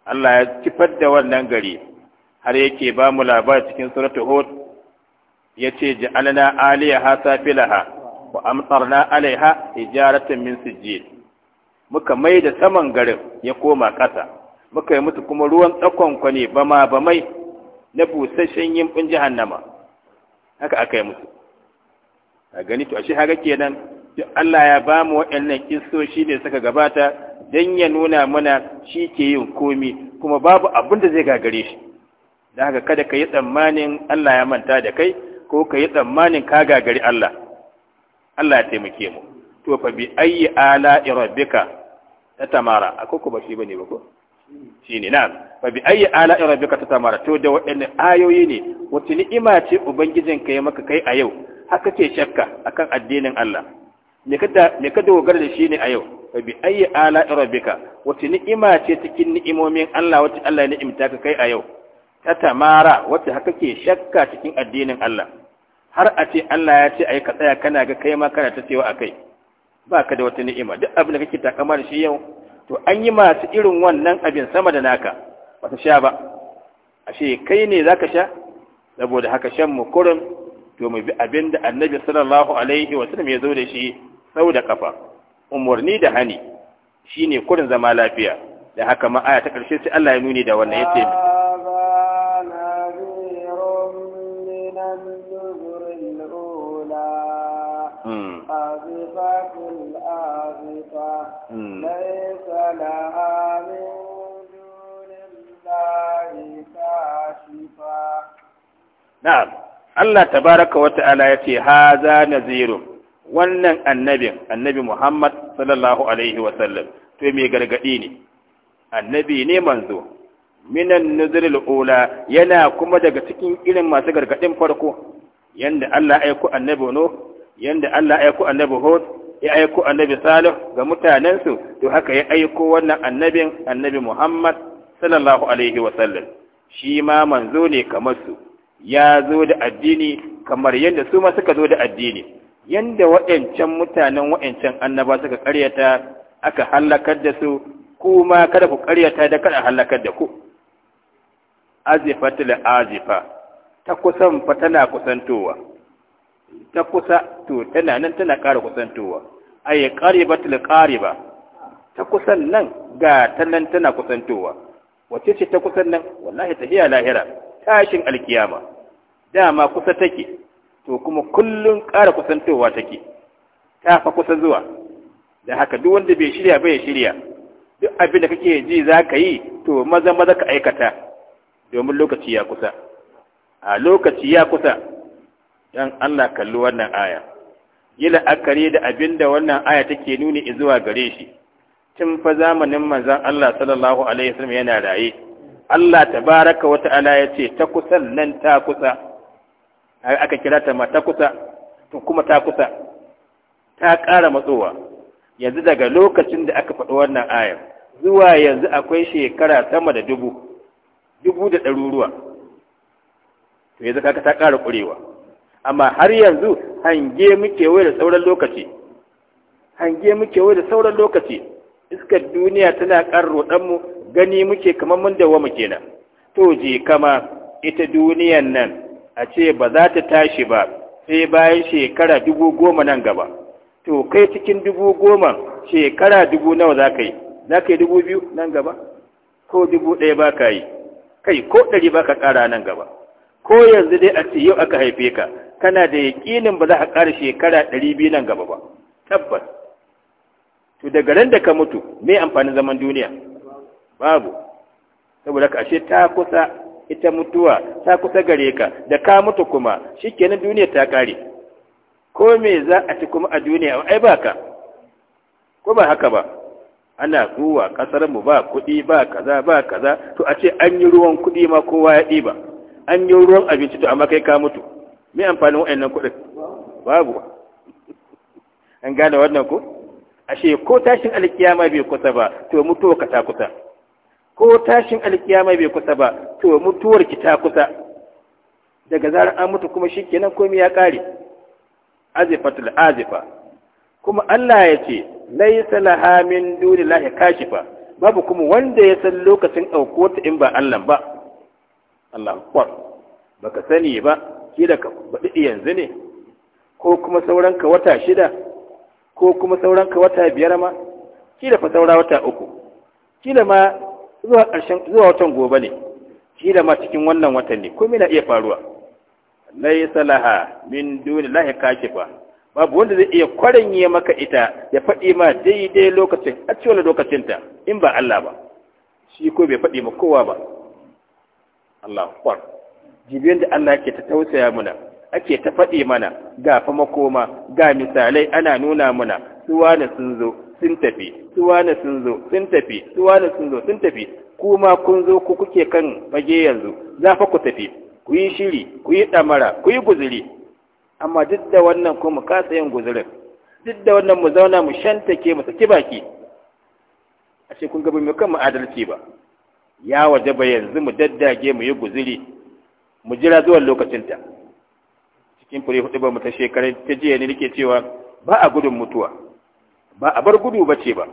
Allah ya kifar da wannan gari har yake ba mu labari cikin suratul hud yace ja'alna aliyaha safilaha wa amtarna alaiha hijaratan min sijil muka mai da saman garin ya koma ƙasa muka yi mutu kuma ruwan tsakon ma bama bamai na busasshen jihar jahannama haka aka yi mutu a gani to ashe haka kenan duk Allah ya ba mu waɗannan kistoshi ne suka gabata don ya nuna mana shi ke yin komi kuma babu abin da zai gagare shi da haka kada ka yi tsammanin Allah ya manta da kai ko ka yi tsammanin ka gagari Allah Allah ya taimake mu to fa bi ayyi ala rabbika ta akwai ko ba shi bane ba ko ne na fa bi ayyi ala rabbika tamara. to da waɗannan ayoyi ne wata ni'ima ce ubangijinka ya maka kai a yau Haka ke shakka a kan addinin Allah me ka dogara da shi ne a yau Ka bi ayi ala rabbika Wata ni'ima ce cikin ni'imomin Allah wace Allah ya ni'imta ka kai a yau ta tamara wace haka ke shakka cikin addinin Allah har a ce Allah ya ce a ka tsaya kana ga kai ma kana ta cewa akai ba ka da wata ni'ima duk abin da kake takama da shi yau to an yi masu irin wannan abin sama da naka ba ta sha ba ashe kai ne za ka sha saboda haka shan mu kurin. to mu bi abin da annabi sallallahu alaihi wa sallam ya zo da shi sau da kafa umarni da hani shine kurin zama lafiya da haka ma aya ta karshe sai Allah ya nuni da wannan yace hmm. hmm. hmm. Na'am. Allah tabaraka wa ta'ala ya ce haza nazirun wannan annabin annabi Muhammad sallallahu alaihi wa sallam to mai gargadi ne annabi ne manzo minan nuzulul ula yana kuma daga cikin irin masu gargadin farko yanda Allah ya aiko annabi no yanda Allah ya aiko annabi hud ya aiko annabi salih ga mutanensu to haka ya aiko wannan annabin annabi Muhammad sallallahu alaihi wa sallam shi ma manzo ne kamar su ya zo da addini kamar yadda su ma suka zo da addini yadda waɗancan mutanen waɗancan annaba suka ƙaryata aka halakar da su kuma kada ku ƙaryata da kada halakar da ku azifa tila azifa ta kusan fa tana kusantowa ta kusa to tana nan tana ƙara kusantowa ay qariba tila qariba ta kusan nan ga ta nan tana kusantowa wacce ce ta kusan nan wallahi ta hiya lahira tashin alkiyama dama kusa take to kuma kullun ƙara kusantowa take ta fa kusa zuwa da haka duk wanda bai shirya bai shirya duk abin da kake ji za ka yi to maza maza ka aikata domin lokaci ya kusa a lokaci ya kusa dan Allah kalli wannan aya yila la'akari da abin da wannan aya take nuni zuwa gare shi tun fa zamanin manzon Allah sallallahu alaihi wasallam yana raye Allah tabaraka wa ta'ala ya ce ta kusan nan ta kusa aka kira ta ma ta kusa kuma ta kusa ta ƙara matsowa yanzu daga lokacin da aka faɗi wannan ayar zuwa yanzu akwai shekara sama da dubu dubu da ɗaruruwa to yanzu kaka ta ƙara ƙurewa amma har yanzu hange muke wai da sauran lokaci hange muke wai da sauran lokaci iskar duniya tana ƙara roɗanmu gani muke kamar mun muke kenan to je kama ita duniyan nan a ce ba za ta tashi ba sai bayan shekara dubu goma nan gaba to kai cikin dubu goma shekara dubu nawa za ka yi za ka yi dubu biyu nan gaba ko dubu ɗaya ba ka yi kai ko ɗari ba ka ƙara nan gaba ko yanzu dai a ce yau aka haife ka kana da yaƙinin ba za ka ƙara shekara ɗari biyu nan gaba ba tabbas to daga ran da ka mutu me amfanin zaman duniya babu saboda ka ashe ta kusa ita mutuwa ta kusa gare ka da ka mutu kuma shi kenan duniya ta kare ko me za a ci kuma a duniya ai baka ko ba haka ba ana zuwa kasar mu ba kuɗi ba kaza ba kaza to a ce an yi ruwan kuɗi ma kowa ya ɗiba an yi ruwan abinci to amma kai ka mutu me amfani wa'annan kuɗin babu an gane wannan ko ashe ko tashin alkiyama bai kusa ba to mutuwa ka ta kusa ko tashin alkiyama bai kusa ba to mutuwar ki ta kusa daga zarar an mutu kuma shikenan komai ya kare azifatul azifa kuma Allah ya ce laysa laha min dunillahi kashifa babu kuma wanda ya san lokacin auko ta in ba Allah ba Allah ba baka sani ba ki ka baɗi yanzu ne ko kuma sauran ka wata shida ko kuma sauran ka wata biyar ma da fa saura wata uku kila ma zuwa ƙarshen zuwa watan gobe ne shi da ma cikin wannan watan ne komai na iya faruwa Lai salaha, min lahi kashifa babu wanda zai iya kwarenye maka ita ya faɗi ma daidai lokacin a cikin lokacin ta in ba Allah ba shi ko bai faɗi ma kowa ba Allah kwar jibiyar da Allah ke ta tausaya muna ake ta faɗi mana ga fa makoma ga misalai ana nuna muna suwa ne sun zo sun tafi su wane sun zo sun tafi su wane sun zo sun tafi kuma kun zo ku kuke kan fage yanzu za fa ku tafi ku yi shiri ku yi ɗamara ku yi guzuri amma duk da wannan ko mu kasa yin guzurin duk da wannan mu zauna mu shantake mu saki baki a ce kun gaba mu kan mu adalci ba ya waje ba yanzu mu daddage mu yi guzuri mu jira zuwan lokacinta cikin fure hudu ba mu ta shekarar ta jiya ne nake cewa ba a gudun mutuwa ba a bar gudu ba ce ba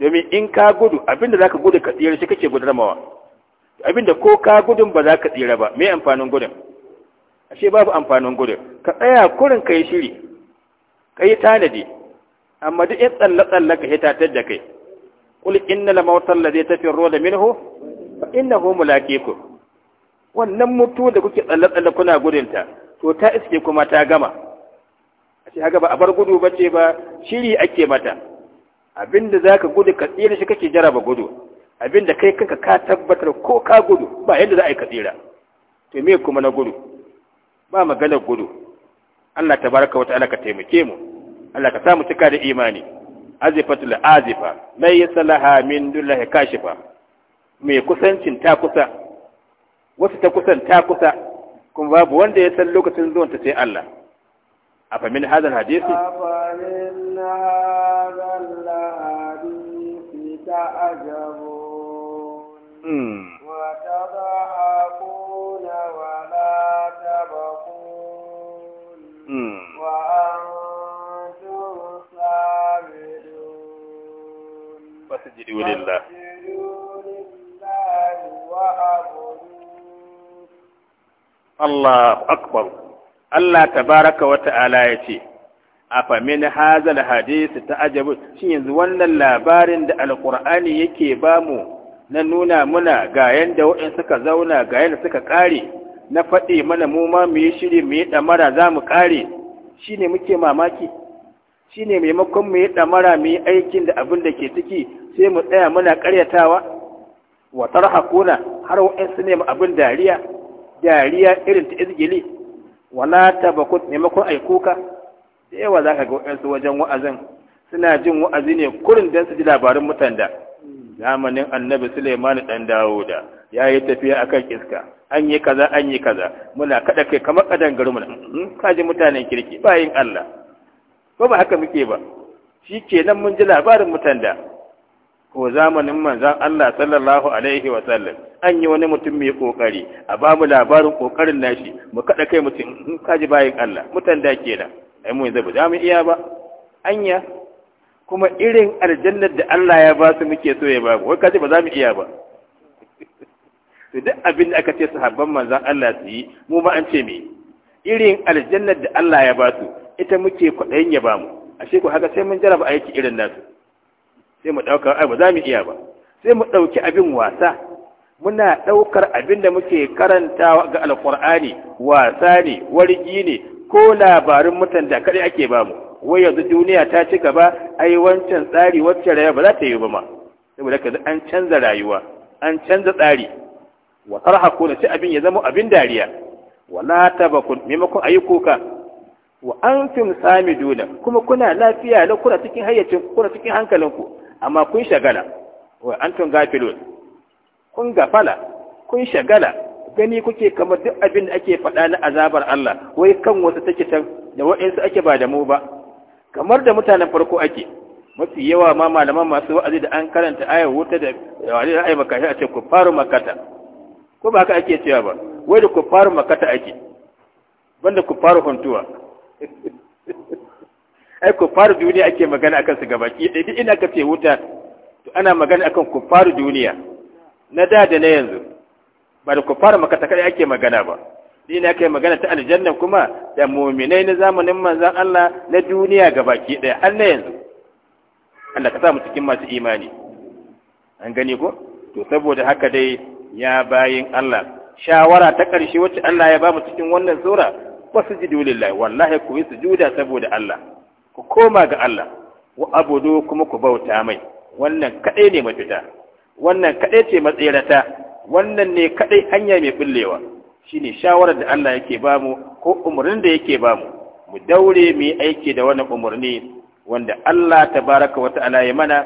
domin in ka gudu abinda za ka gudu ka tsira shi kake gudarmawa abinda ko ka gudun ba za ka tsira ba mai amfanin gudun ashe babu amfanin gudun ka tsaya kurin ka yi shiri ka yi tanadi amma duk in tsalle-tsalle ka hitatar da kai kul inna la mawtal ladhi tafirru da minhu fa innahu mulaqikum wannan mutu da kuke tsalle-tsalle kuna gudunta to ta iske kuma ta gama sai haka ba a bar gudu ba ce ba shiri ake mata abinda za ka gudu ka tsira shi kake jaraba gudu abinda kai kanka ka tabbatar ko ka gudu ba yadda za a yi ka tsira to me kuma na gudu ba maganar gudu Allah tabaraka wa ta'ala ka taimake mu Allah ka samu cika da imani azifatul azifa mai yasalaha min dullahi kashifa mai kusancin ta kusa wasu ta kusan ta kusa kuma babu wanda ya san lokacin zuwanta sai Allah أفمن هذا الحديث أفمن هذا الحديث تعجبون وتضحكون ولا تبقون وأنتم صابرون فسجدوا لله الله أكبر Allah tabaraka wa ta'ala ya ce A famin hazal hadisi ajabu, shi yanzu wannan labarin da Alƙur'ani yake bamu na nuna muna ga yadda wa'in suka zauna ga yadda suka ƙare, na faɗi mana mu ma mu yi shiri mu yi ɗamara za mu ƙare? Shi ne muke mamaki Shi ne maimakon mu yi ɗamara mu yi aikin da abin da ke ciki sai mu tsaya muna ƙaryatawa? wa tarhaquna har wa'in su ne mu abin dariya dariya irin ta izgili wala bakut maimakon ai kuka da yawa za ka ga waɗansu wajen wa'azin suna jin wa'azi ne kurin don su ji labarin mutanda. da zamanin annabi Suleiman dan da. ya yi tafiya akan iska an yi kaza an yi kaza muna kada kai kamar kadan garin muna hmm, ka ji mutanen kirki bayin Allah ko ba haka muke ba Shi kenan mun ji labarin mutanda. da ko zamanin manzan Allah sallallahu alaihi wa sallam an yi wani mutum mai kokari a ba mu labarin kokarin nashi mu kada kai mutum in ji bayin Allah mutan da ke da ai mu yanzu ba za mu iya ba anya kuma irin aljannar da Allah ya ba su muke so ya ba wai ji ba za mu iya ba to duk abin da aka ce sahabban manzon Allah su yi mu ma an ce me irin aljannar da Allah ya ba su ita muke kwaɗayin ya ba mu ashe ko haka sai mun jaraba aiki irin nasu sai mu ɗauka ai ba za mu iya ba sai mu ɗauki abin wasa muna ɗaukar abin da muke karanta ga alƙur'ani wasa ne wargi ne ko labarin mutan da kaɗai ake ba mu wai yanzu duniya ta ci gaba ai wancan tsari wacce rayuwa ba za ta yi ba ma saboda ka an canza rayuwa an canza tsari wa ko na ci abin ya zama abin dariya wala tabakun maimakon ayi kuka wa antum samiduna kuma kuna lafiya la kuna cikin hayyacin kuna cikin hankalinku amma kun shagala wa antum gafilun kun gafala kun shagala gani kuke kamar duk abin da ake faɗa na azabar Allah wai kan wasu take ta da wa'insu ake ba da mu ba kamar da mutanen farko ake mafi yawa ma malaman masu wa'azi da an karanta ayar wuta da wani ra'ayi makashi a ce ku faru makata ko ba haka ake cewa ba wai da ku faru makata ake banda ku faru huntuwa ai ku faru duniya ake magana akan su gabaki ɗaya duk ina ka ce wuta to ana magana akan ku faru duniya na da da na yanzu ba da fara makata kadai ake magana ba na kai magana ta aljanna kuma da muminai na zamanin manzan Allah na duniya ga baki ɗaya har na yanzu Allah ka sa mu cikin masu imani an gani ko to saboda haka dai ya bayin Allah shawara ta ƙarshe wacce Allah ya ba mu cikin wannan sura wasu ji lillahi wallahi ku yi sujuda saboda Allah ku koma ga Allah wa abudu kuma ku bauta mai wannan kaɗai ne mafita wannan kaɗai ce matsirata wannan ne kaɗai hanya mai bullewa shine shawarar da Allah yake bamu ko umarnin da yake bamu mu daure mu yi aiki da wannan umarni wanda Allah ta baraka wata ya mana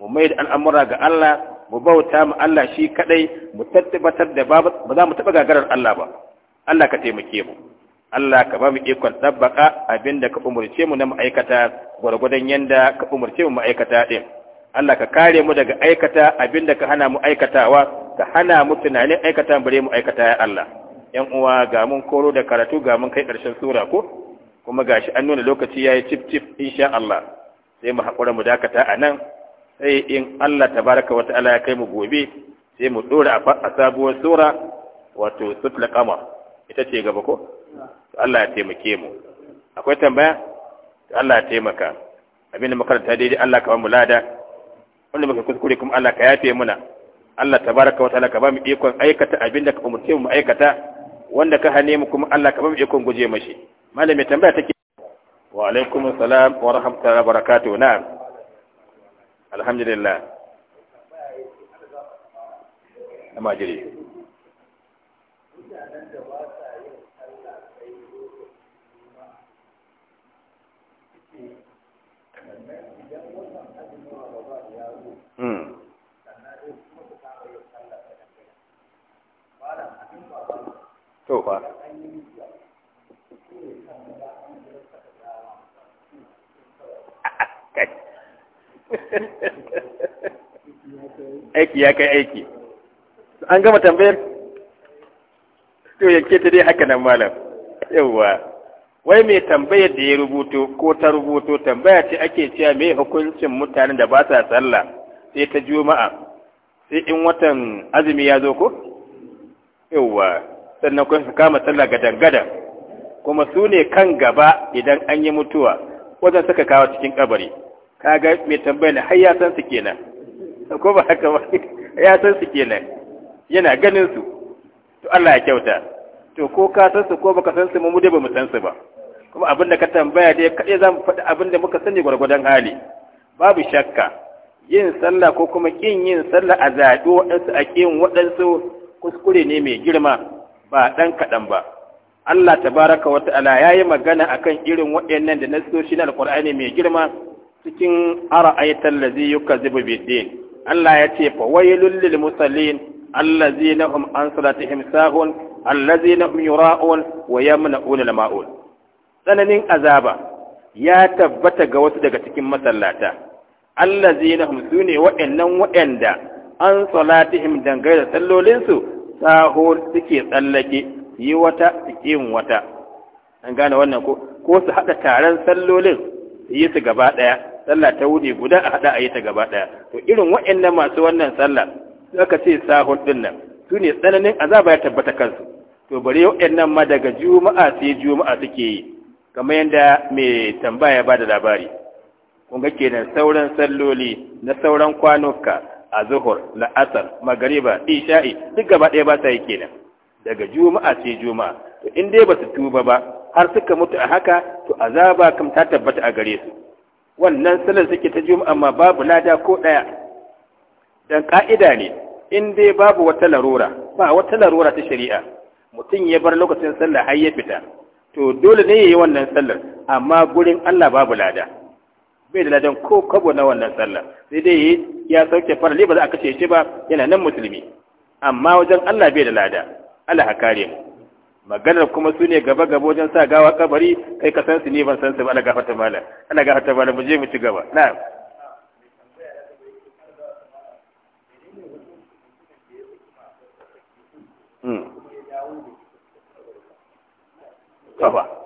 mu mai da al'amura ga Allah mu bauta mu Allah shi kaɗai mu tattabatar da ba za mu taɓa gagarar Allah ba Allah ka taimake mu Allah ka ba mu ikon ɗabbaka abinda ka umarce mu na ma'aikata gwargwadon yanda ka umarce mu ma'aikata ɗin. Allah ka kare mu daga aikata abinda ka hana mu aikatawa ka hana mu tunanin aikata bare mu aikata ya Allah yan uwa ga mun koro da karatu ga mun kai karshen sura ko kuma gashi an nuna lokaci yayi cif cif insha Allah sai mu hakura mu dakata anan, sai in Allah tabaraka wa ta'ala ya kai mu gobe sai mu dora a sabuwar sura wato sutul qamar ita ce gaba ko Allah ya taimake mu akwai tambaya Allah ya taimaka abinda makaranta daidai Allah ka ba mu lada wanda muka kuskure kuma Allah ka yafe muna Allah tabaraka wa ta'ala ka ba mu ikon aikata abin da ka umurce mu aikata wanda ka hane mu kuma Allah ka ba mu ikon guje mashi malami tambaya take wa alaikum assalam wa rahmatullahi wa barakatuh na'am alhamdulillah amma jiri Hmm. to fa aiki ya kai aiki an gama tambayar to yake ta dai haka nan malam yawwa wai mai tambayar da ya rubuto ko ta rubuto tambaya ce ake cewa mai hukuncin mutanen da ba sa sallah sai ta juma'a sai in watan azumi ya zo ko yawwa sannan kuma su kama sallah gadan gadan kuma su ne kan gaba idan an yi mutuwa wajen suka kawo cikin kabari ka ga mai tambayar har ya san su kenan ko ba haka ba ya san su kenan yana ganin su to Allah ya kyauta to ko ka san su ko baka san su mu dai bamu san su ba kuma abin da ka tambaya dai kadai zamu faɗi abin da muka sani gwargwadon hali babu shakka yin sallah ko kuma kin yin sallah a zaɓi waɗansu a kin waɗansu kuskure ne mai girma ba ɗan kaɗan ba Allah tabaraka wa ta'ala ya yi magana a kan irin waɗannan da na so shi na alƙur'ani mai girma cikin ara'aitan lazi zuba biddin Allah ya ce fa wai lil musallin na um an salatihim sahun na um yura'un wa ya muna al ma'un tsananin azaba ya tabbata ga wasu daga cikin masallata allazina hum sune waɗannan waɗanda an salatihim dangane da sallolinsu sahur suke tsallake yi wata suke yin wata an gane wannan ko ko su haɗa taron sallolin su yi su gaba daya sallah ta wuce guda a haɗa a yi ta gaba daya to irin waɗannan masu wannan sallah aka ce sahur din nan su tsananin azaba ya tabbata kansu to bari waɗannan ma daga juma'a sai juma'a suke yi kamar yadda mai tambaya ba da labari kunga kenan sauran salloli na sauran kwanuka a zuhur la'asar magariba isha'i duk gaba ɗaya ba sa yi kenan daga juma'a sai juma'a to in dai ba su tuba ba har suka mutu a haka to azaba kam ta tabbata a gare su wannan sallar suke ta juma'a amma babu lada ko ɗaya dan ka'ida ne in dai babu wata larura ba wata larura ta shari'a mutum ya bar lokacin sallah har ya fita to dole ne yayi wannan sallar amma gurin Allah babu lada bai da ladan ko kabo na wannan sallah sai dai ya sauke farali ba za a kashe shi ba yana nan musulmi amma wajen Allah bai da lada Allah ha kare mu maganar kuma su ne gaba gaba wajen sa gawa kabari kai ka san su ne ban san su ba Allah gafarta mala Allah gafarta mala mu je mu ci gaba na'am Hmm. Kaba.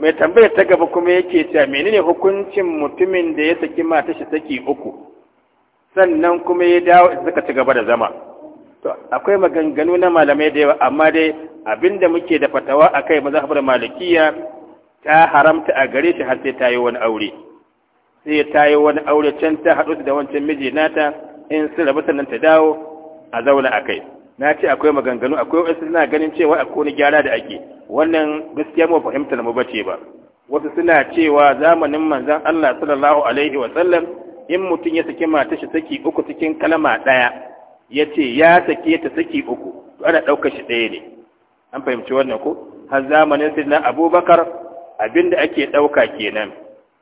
mai tambayar ta gaba kuma yake cewa menene hukuncin mutumin da ya saki mata shi saki uku sannan kuma ya dawo suka ci gaba da zama to akwai maganganu na malamai da yawa amma dai abinda muke da fatawa akai mazhabar malikiya ta haramta a gare shi har sai ta yi wani aure sai ta yi wani aure can ta hadu da wancan miji nata in sun rabu sannan ta dawo a zauna akai na ce akwai maganganu akwai wasu suna ganin cewa akwai wani gyara da ake wannan gaskiya mu fahimtar mu bace ba wasu suna cewa zamanin manzon Allah sallallahu alaihi wa sallam in mutum ya saki mata shi saki uku cikin kalma daya yace ya sake ta saki uku to ana daukar shi daya ne an fahimci wannan ko har zamanin sayyidina Abubakar abinda ake dauka kenan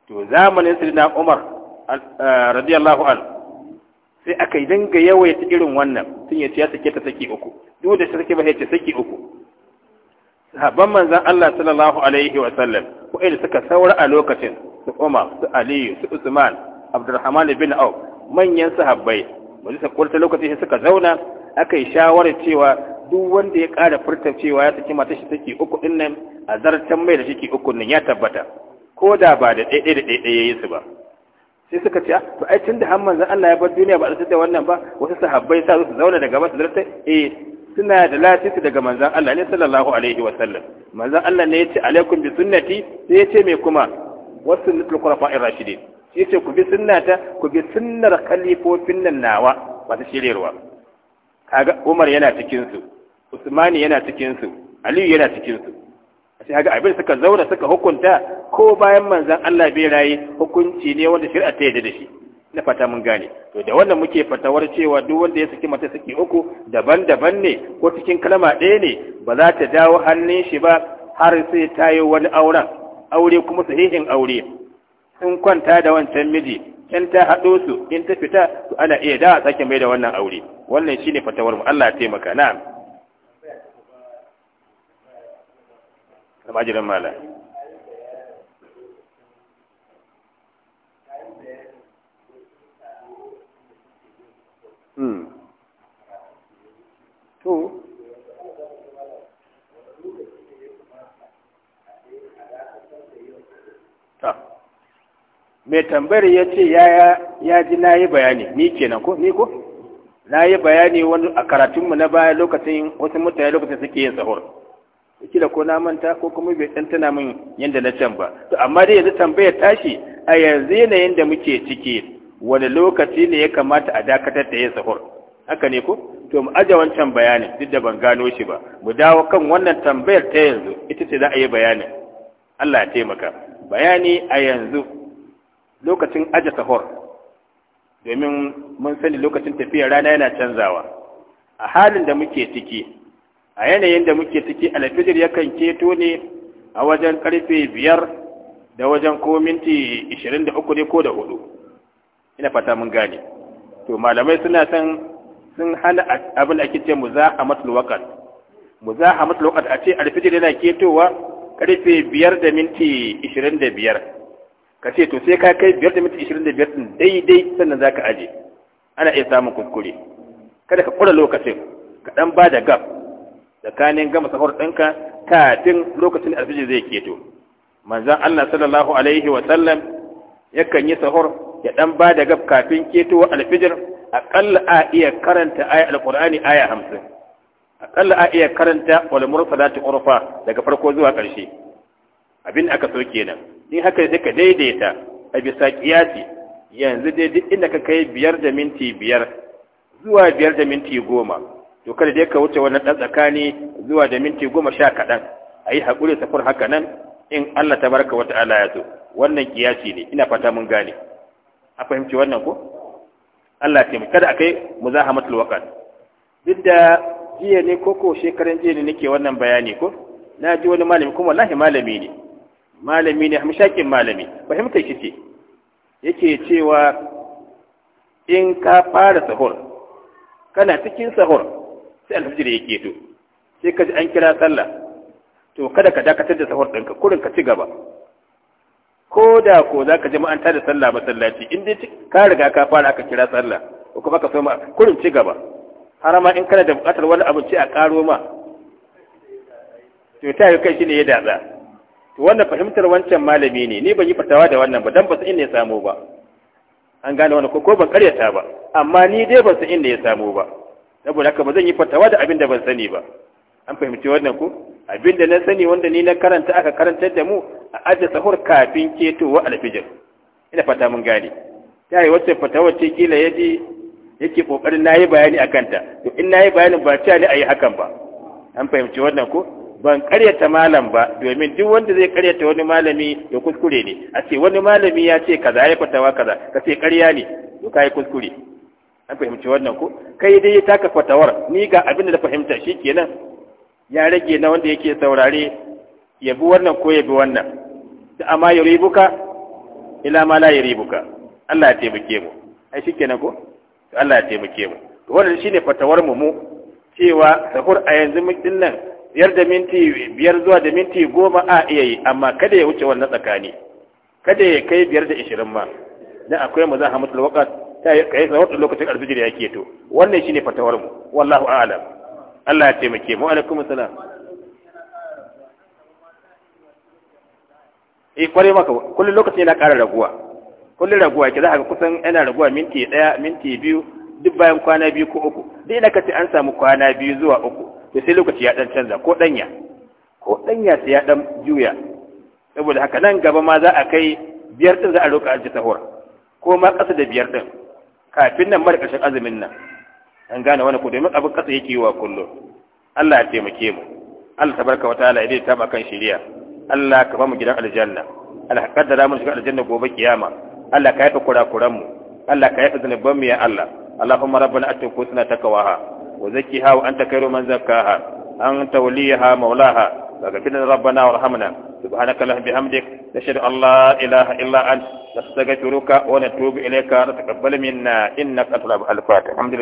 to zamanin sayyidina Umar eh, radiyallahu anhu sai aka yi dinga yawaita irin wannan sun yace ya sake ta saki uku duk da sake ba yace saki uku sahabban manzan Allah sallallahu alaihi wa sallam suka saura a lokacin su Umar su Aliyu su Usman Abdurrahman bin Auf manyan sahabbai sa kurta lokacin sai suka zauna aka yi shawarar cewa duk wanda ya kara furta cewa ya saki mata shi take uku din nan a zartan mai da shi uku nan ya tabbata ko da ba da daidai da daidai ya yi su ba sai suka ce ah, to ai tunda har manzon Allah ya bar duniya ba a da wannan ba wasu sahabbai sa su zauna daga masu darta eh suna da latisi daga manzon Allah ne sallallahu alaihi wa sallam manzon Allah ne yace alaikum bi sunnati sai yace me kuma wasu sunnatul khulafa'ir rashidin shi yace ku bi sunnata ku bi sunnar kalifofin nan nawa masu shiryarwa kaga Umar yana cikin su Usmani yana cikin su Aliyu yana cikin su sai haka abin suka zauna suka hukunta ko bayan manzan Allah bai raye hukunci ne wanda shir'a ta yadda da shi na fata mun gane to da wannan muke fatawar cewa duk wanda ya saki mata saki uku daban-daban ne ko cikin kalma ɗaya ne ba za ta dawo hannun shi ba har sai ta yi wani auren aure kuma sahihin aure in kwanta da wancan miji in ta haɗo su in ta fita to ana iya da sake mai da wannan aure wannan shine fatawar mu Allah ya taimaka na'am almajirin malam hmm. to mai tambayar ya ce ya ji na yi bayani ni kenan ko ni ko na yi bayani wani a karatunmu na baya lokacin wasu mutane lokacin suke yin sahur kila ko na manta ko kuma bai dan tana min yanda na can ba to amma dai yanzu tambayar tashi a yanzu yanayin da muke cike wani lokaci ne ya kamata a dakatar da yin sahur haka ne ko to mu aje wancan bayanin duk da ban gano shi ba mu dawo kan wannan tambayar ta yanzu ita ce za a yi bayani Allah ya taimaka bayani a yanzu lokacin aje sahur domin mun sani lokacin tafiyar rana yana canzawa a halin da muke ciki a yanayin da muke ciki alfijir yakan keto ne a wajen karfe biyar da wajen ko minti ishirin da uku ne ko da hudu ina fata mun gane to malamai suna san sun hana abin da ake ce mu za a matul wakat mu za a matul wakat a ce alfijir yana ketowa karfe biyar da minti ishirin da biyar ka ce to sai ka kai biyar da minti ishirin da biyar din daidai sannan za ka aje ana iya samun kuskure kada ka kura lokacin ka dan ba da gab tsakanin gama sahor ɗinka kafin lokacin alfijir zai keto manzon Allah sallallahu alaihi wa sallam yakan yi sahur ya ɗan ba da gab kafin keto alfijir aƙalla a iya karanta aya alƙur'ani aya hamsin aƙalla a iya karanta walmur mursalati urfa daga farko zuwa ƙarshe abin aka so kenan in haka sai ka daidaita a bisa kiyasi yanzu dai duk inda ka kai biyar da minti biyar zuwa biyar da minti goma to kada dai ka wuce wannan ɗan tsakani zuwa da minti goma sha kaɗan a yi haƙuri safar haka nan in Allah ta baraka wata ala ya so wannan kiyasi ne ina fata mun gane a fahimci wannan ko Allah ya kada a kai mu za hamatul waqat duk da jiya ne ko ko shekaran jiya ne nake wannan bayani ko na ji wani malami kuma wallahi malami ne malami ne hamshakin malami fahimtar shi ce yake cewa in ka fara sahur kana cikin sahur sai alfijir ya keto sai ka ji an kira sallah to kada ka dakatar da sahur ɗinka kurin ka ci gaba ko da ko za ka jama'anta da sallah masallaci in dai ka riga ka fara aka kira sallah ko kuma ka soma kurin ci gaba har ma in kana da buƙatar wani abinci a ƙaro ma to ta yi kai ne ya datsa to wannan fahimtar wancan malami ne ni ban yi fatawa da wannan ba dan ba su inda ya samu ba an gane wannan ko ban karyata ba amma ni dai ban san inda ya samu ba saboda haka ba zan yi fatawa da abin da ban sani ba an fahimci wannan ko abin da na sani wanda ni na karanta aka karantar da mu a ajja sahur kafin ketowa alfijir ina fata mun gane ta yi wacce fatawa ce kila ya yake kokarin na yi bayani a kanta to in na yi bayanin ba ta ne a yi hakan ba an fahimci wannan ko ban karyata malam ba domin duk wanda zai karyata wani malami ya kuskure ne a ce wani malami ya ce kaza ya fatawa kaza ka ce karya ne to ka yi kuskure an fahimci wannan ko kai dai ya taka fatawar ni ga abin da fahimta shikenan ya rage na wanda yake saurare ya bi wannan ko ya bi wannan da amma ya ribuka ila ma la ya ribuka Allah ya taimake mu ai shikenan ko Allah ya taimake mu to wannan shine fatawar mu mu cewa sahur a yanzu din nan biyar da minti biyar zuwa da minti goma a iya yi amma kada ya wuce wannan tsakani kada ya kai biyar da ishirin ma dan akwai mu za a mutu ta yi kai tsawon lokacin alfijir ya keto wannan ne fatawar mu wallahu a'lam Allah ya taimake mu alaikum assalam eh kware maka kullun lokacin yana ƙara raguwa kullun raguwa ki za ka kusan yana raguwa minti ɗaya minti biyu duk bayan kwana biyu ko uku duk ina kace an samu kwana biyu zuwa uku to sai lokaci ya dan canza ko danya ko danya sai ya dan juya saboda haka nan gaba ma za a kai biyar din za a roƙa aljita hura, ko ma ƙasa da biyar din kafin nan mara ƙarshen azumin nan an gane wani ko domin abin kasa yake wa kullum Allah ya taimake mu Allah tabaraka wa ta'ala ya dai ta kan shari'a Allah ka ba mu gidan aljanna Allah ka kaddara mu shiga aljanna gobe kiyama Allah ka yafa kurakuran mu Allah ka yafa zanuban mu ya Allah Allahumma rabbana atina husna taqwaha wa zakkiha wa anta khairu man zakkaha anta waliyaha maulaha daga cikin rabbana wa rahamna subhanaka la bihamdik nashhadu an la ilaha illa anta nastaghfiruka wa natubu ilayka wa taqabbal minna innaka atwabul fatih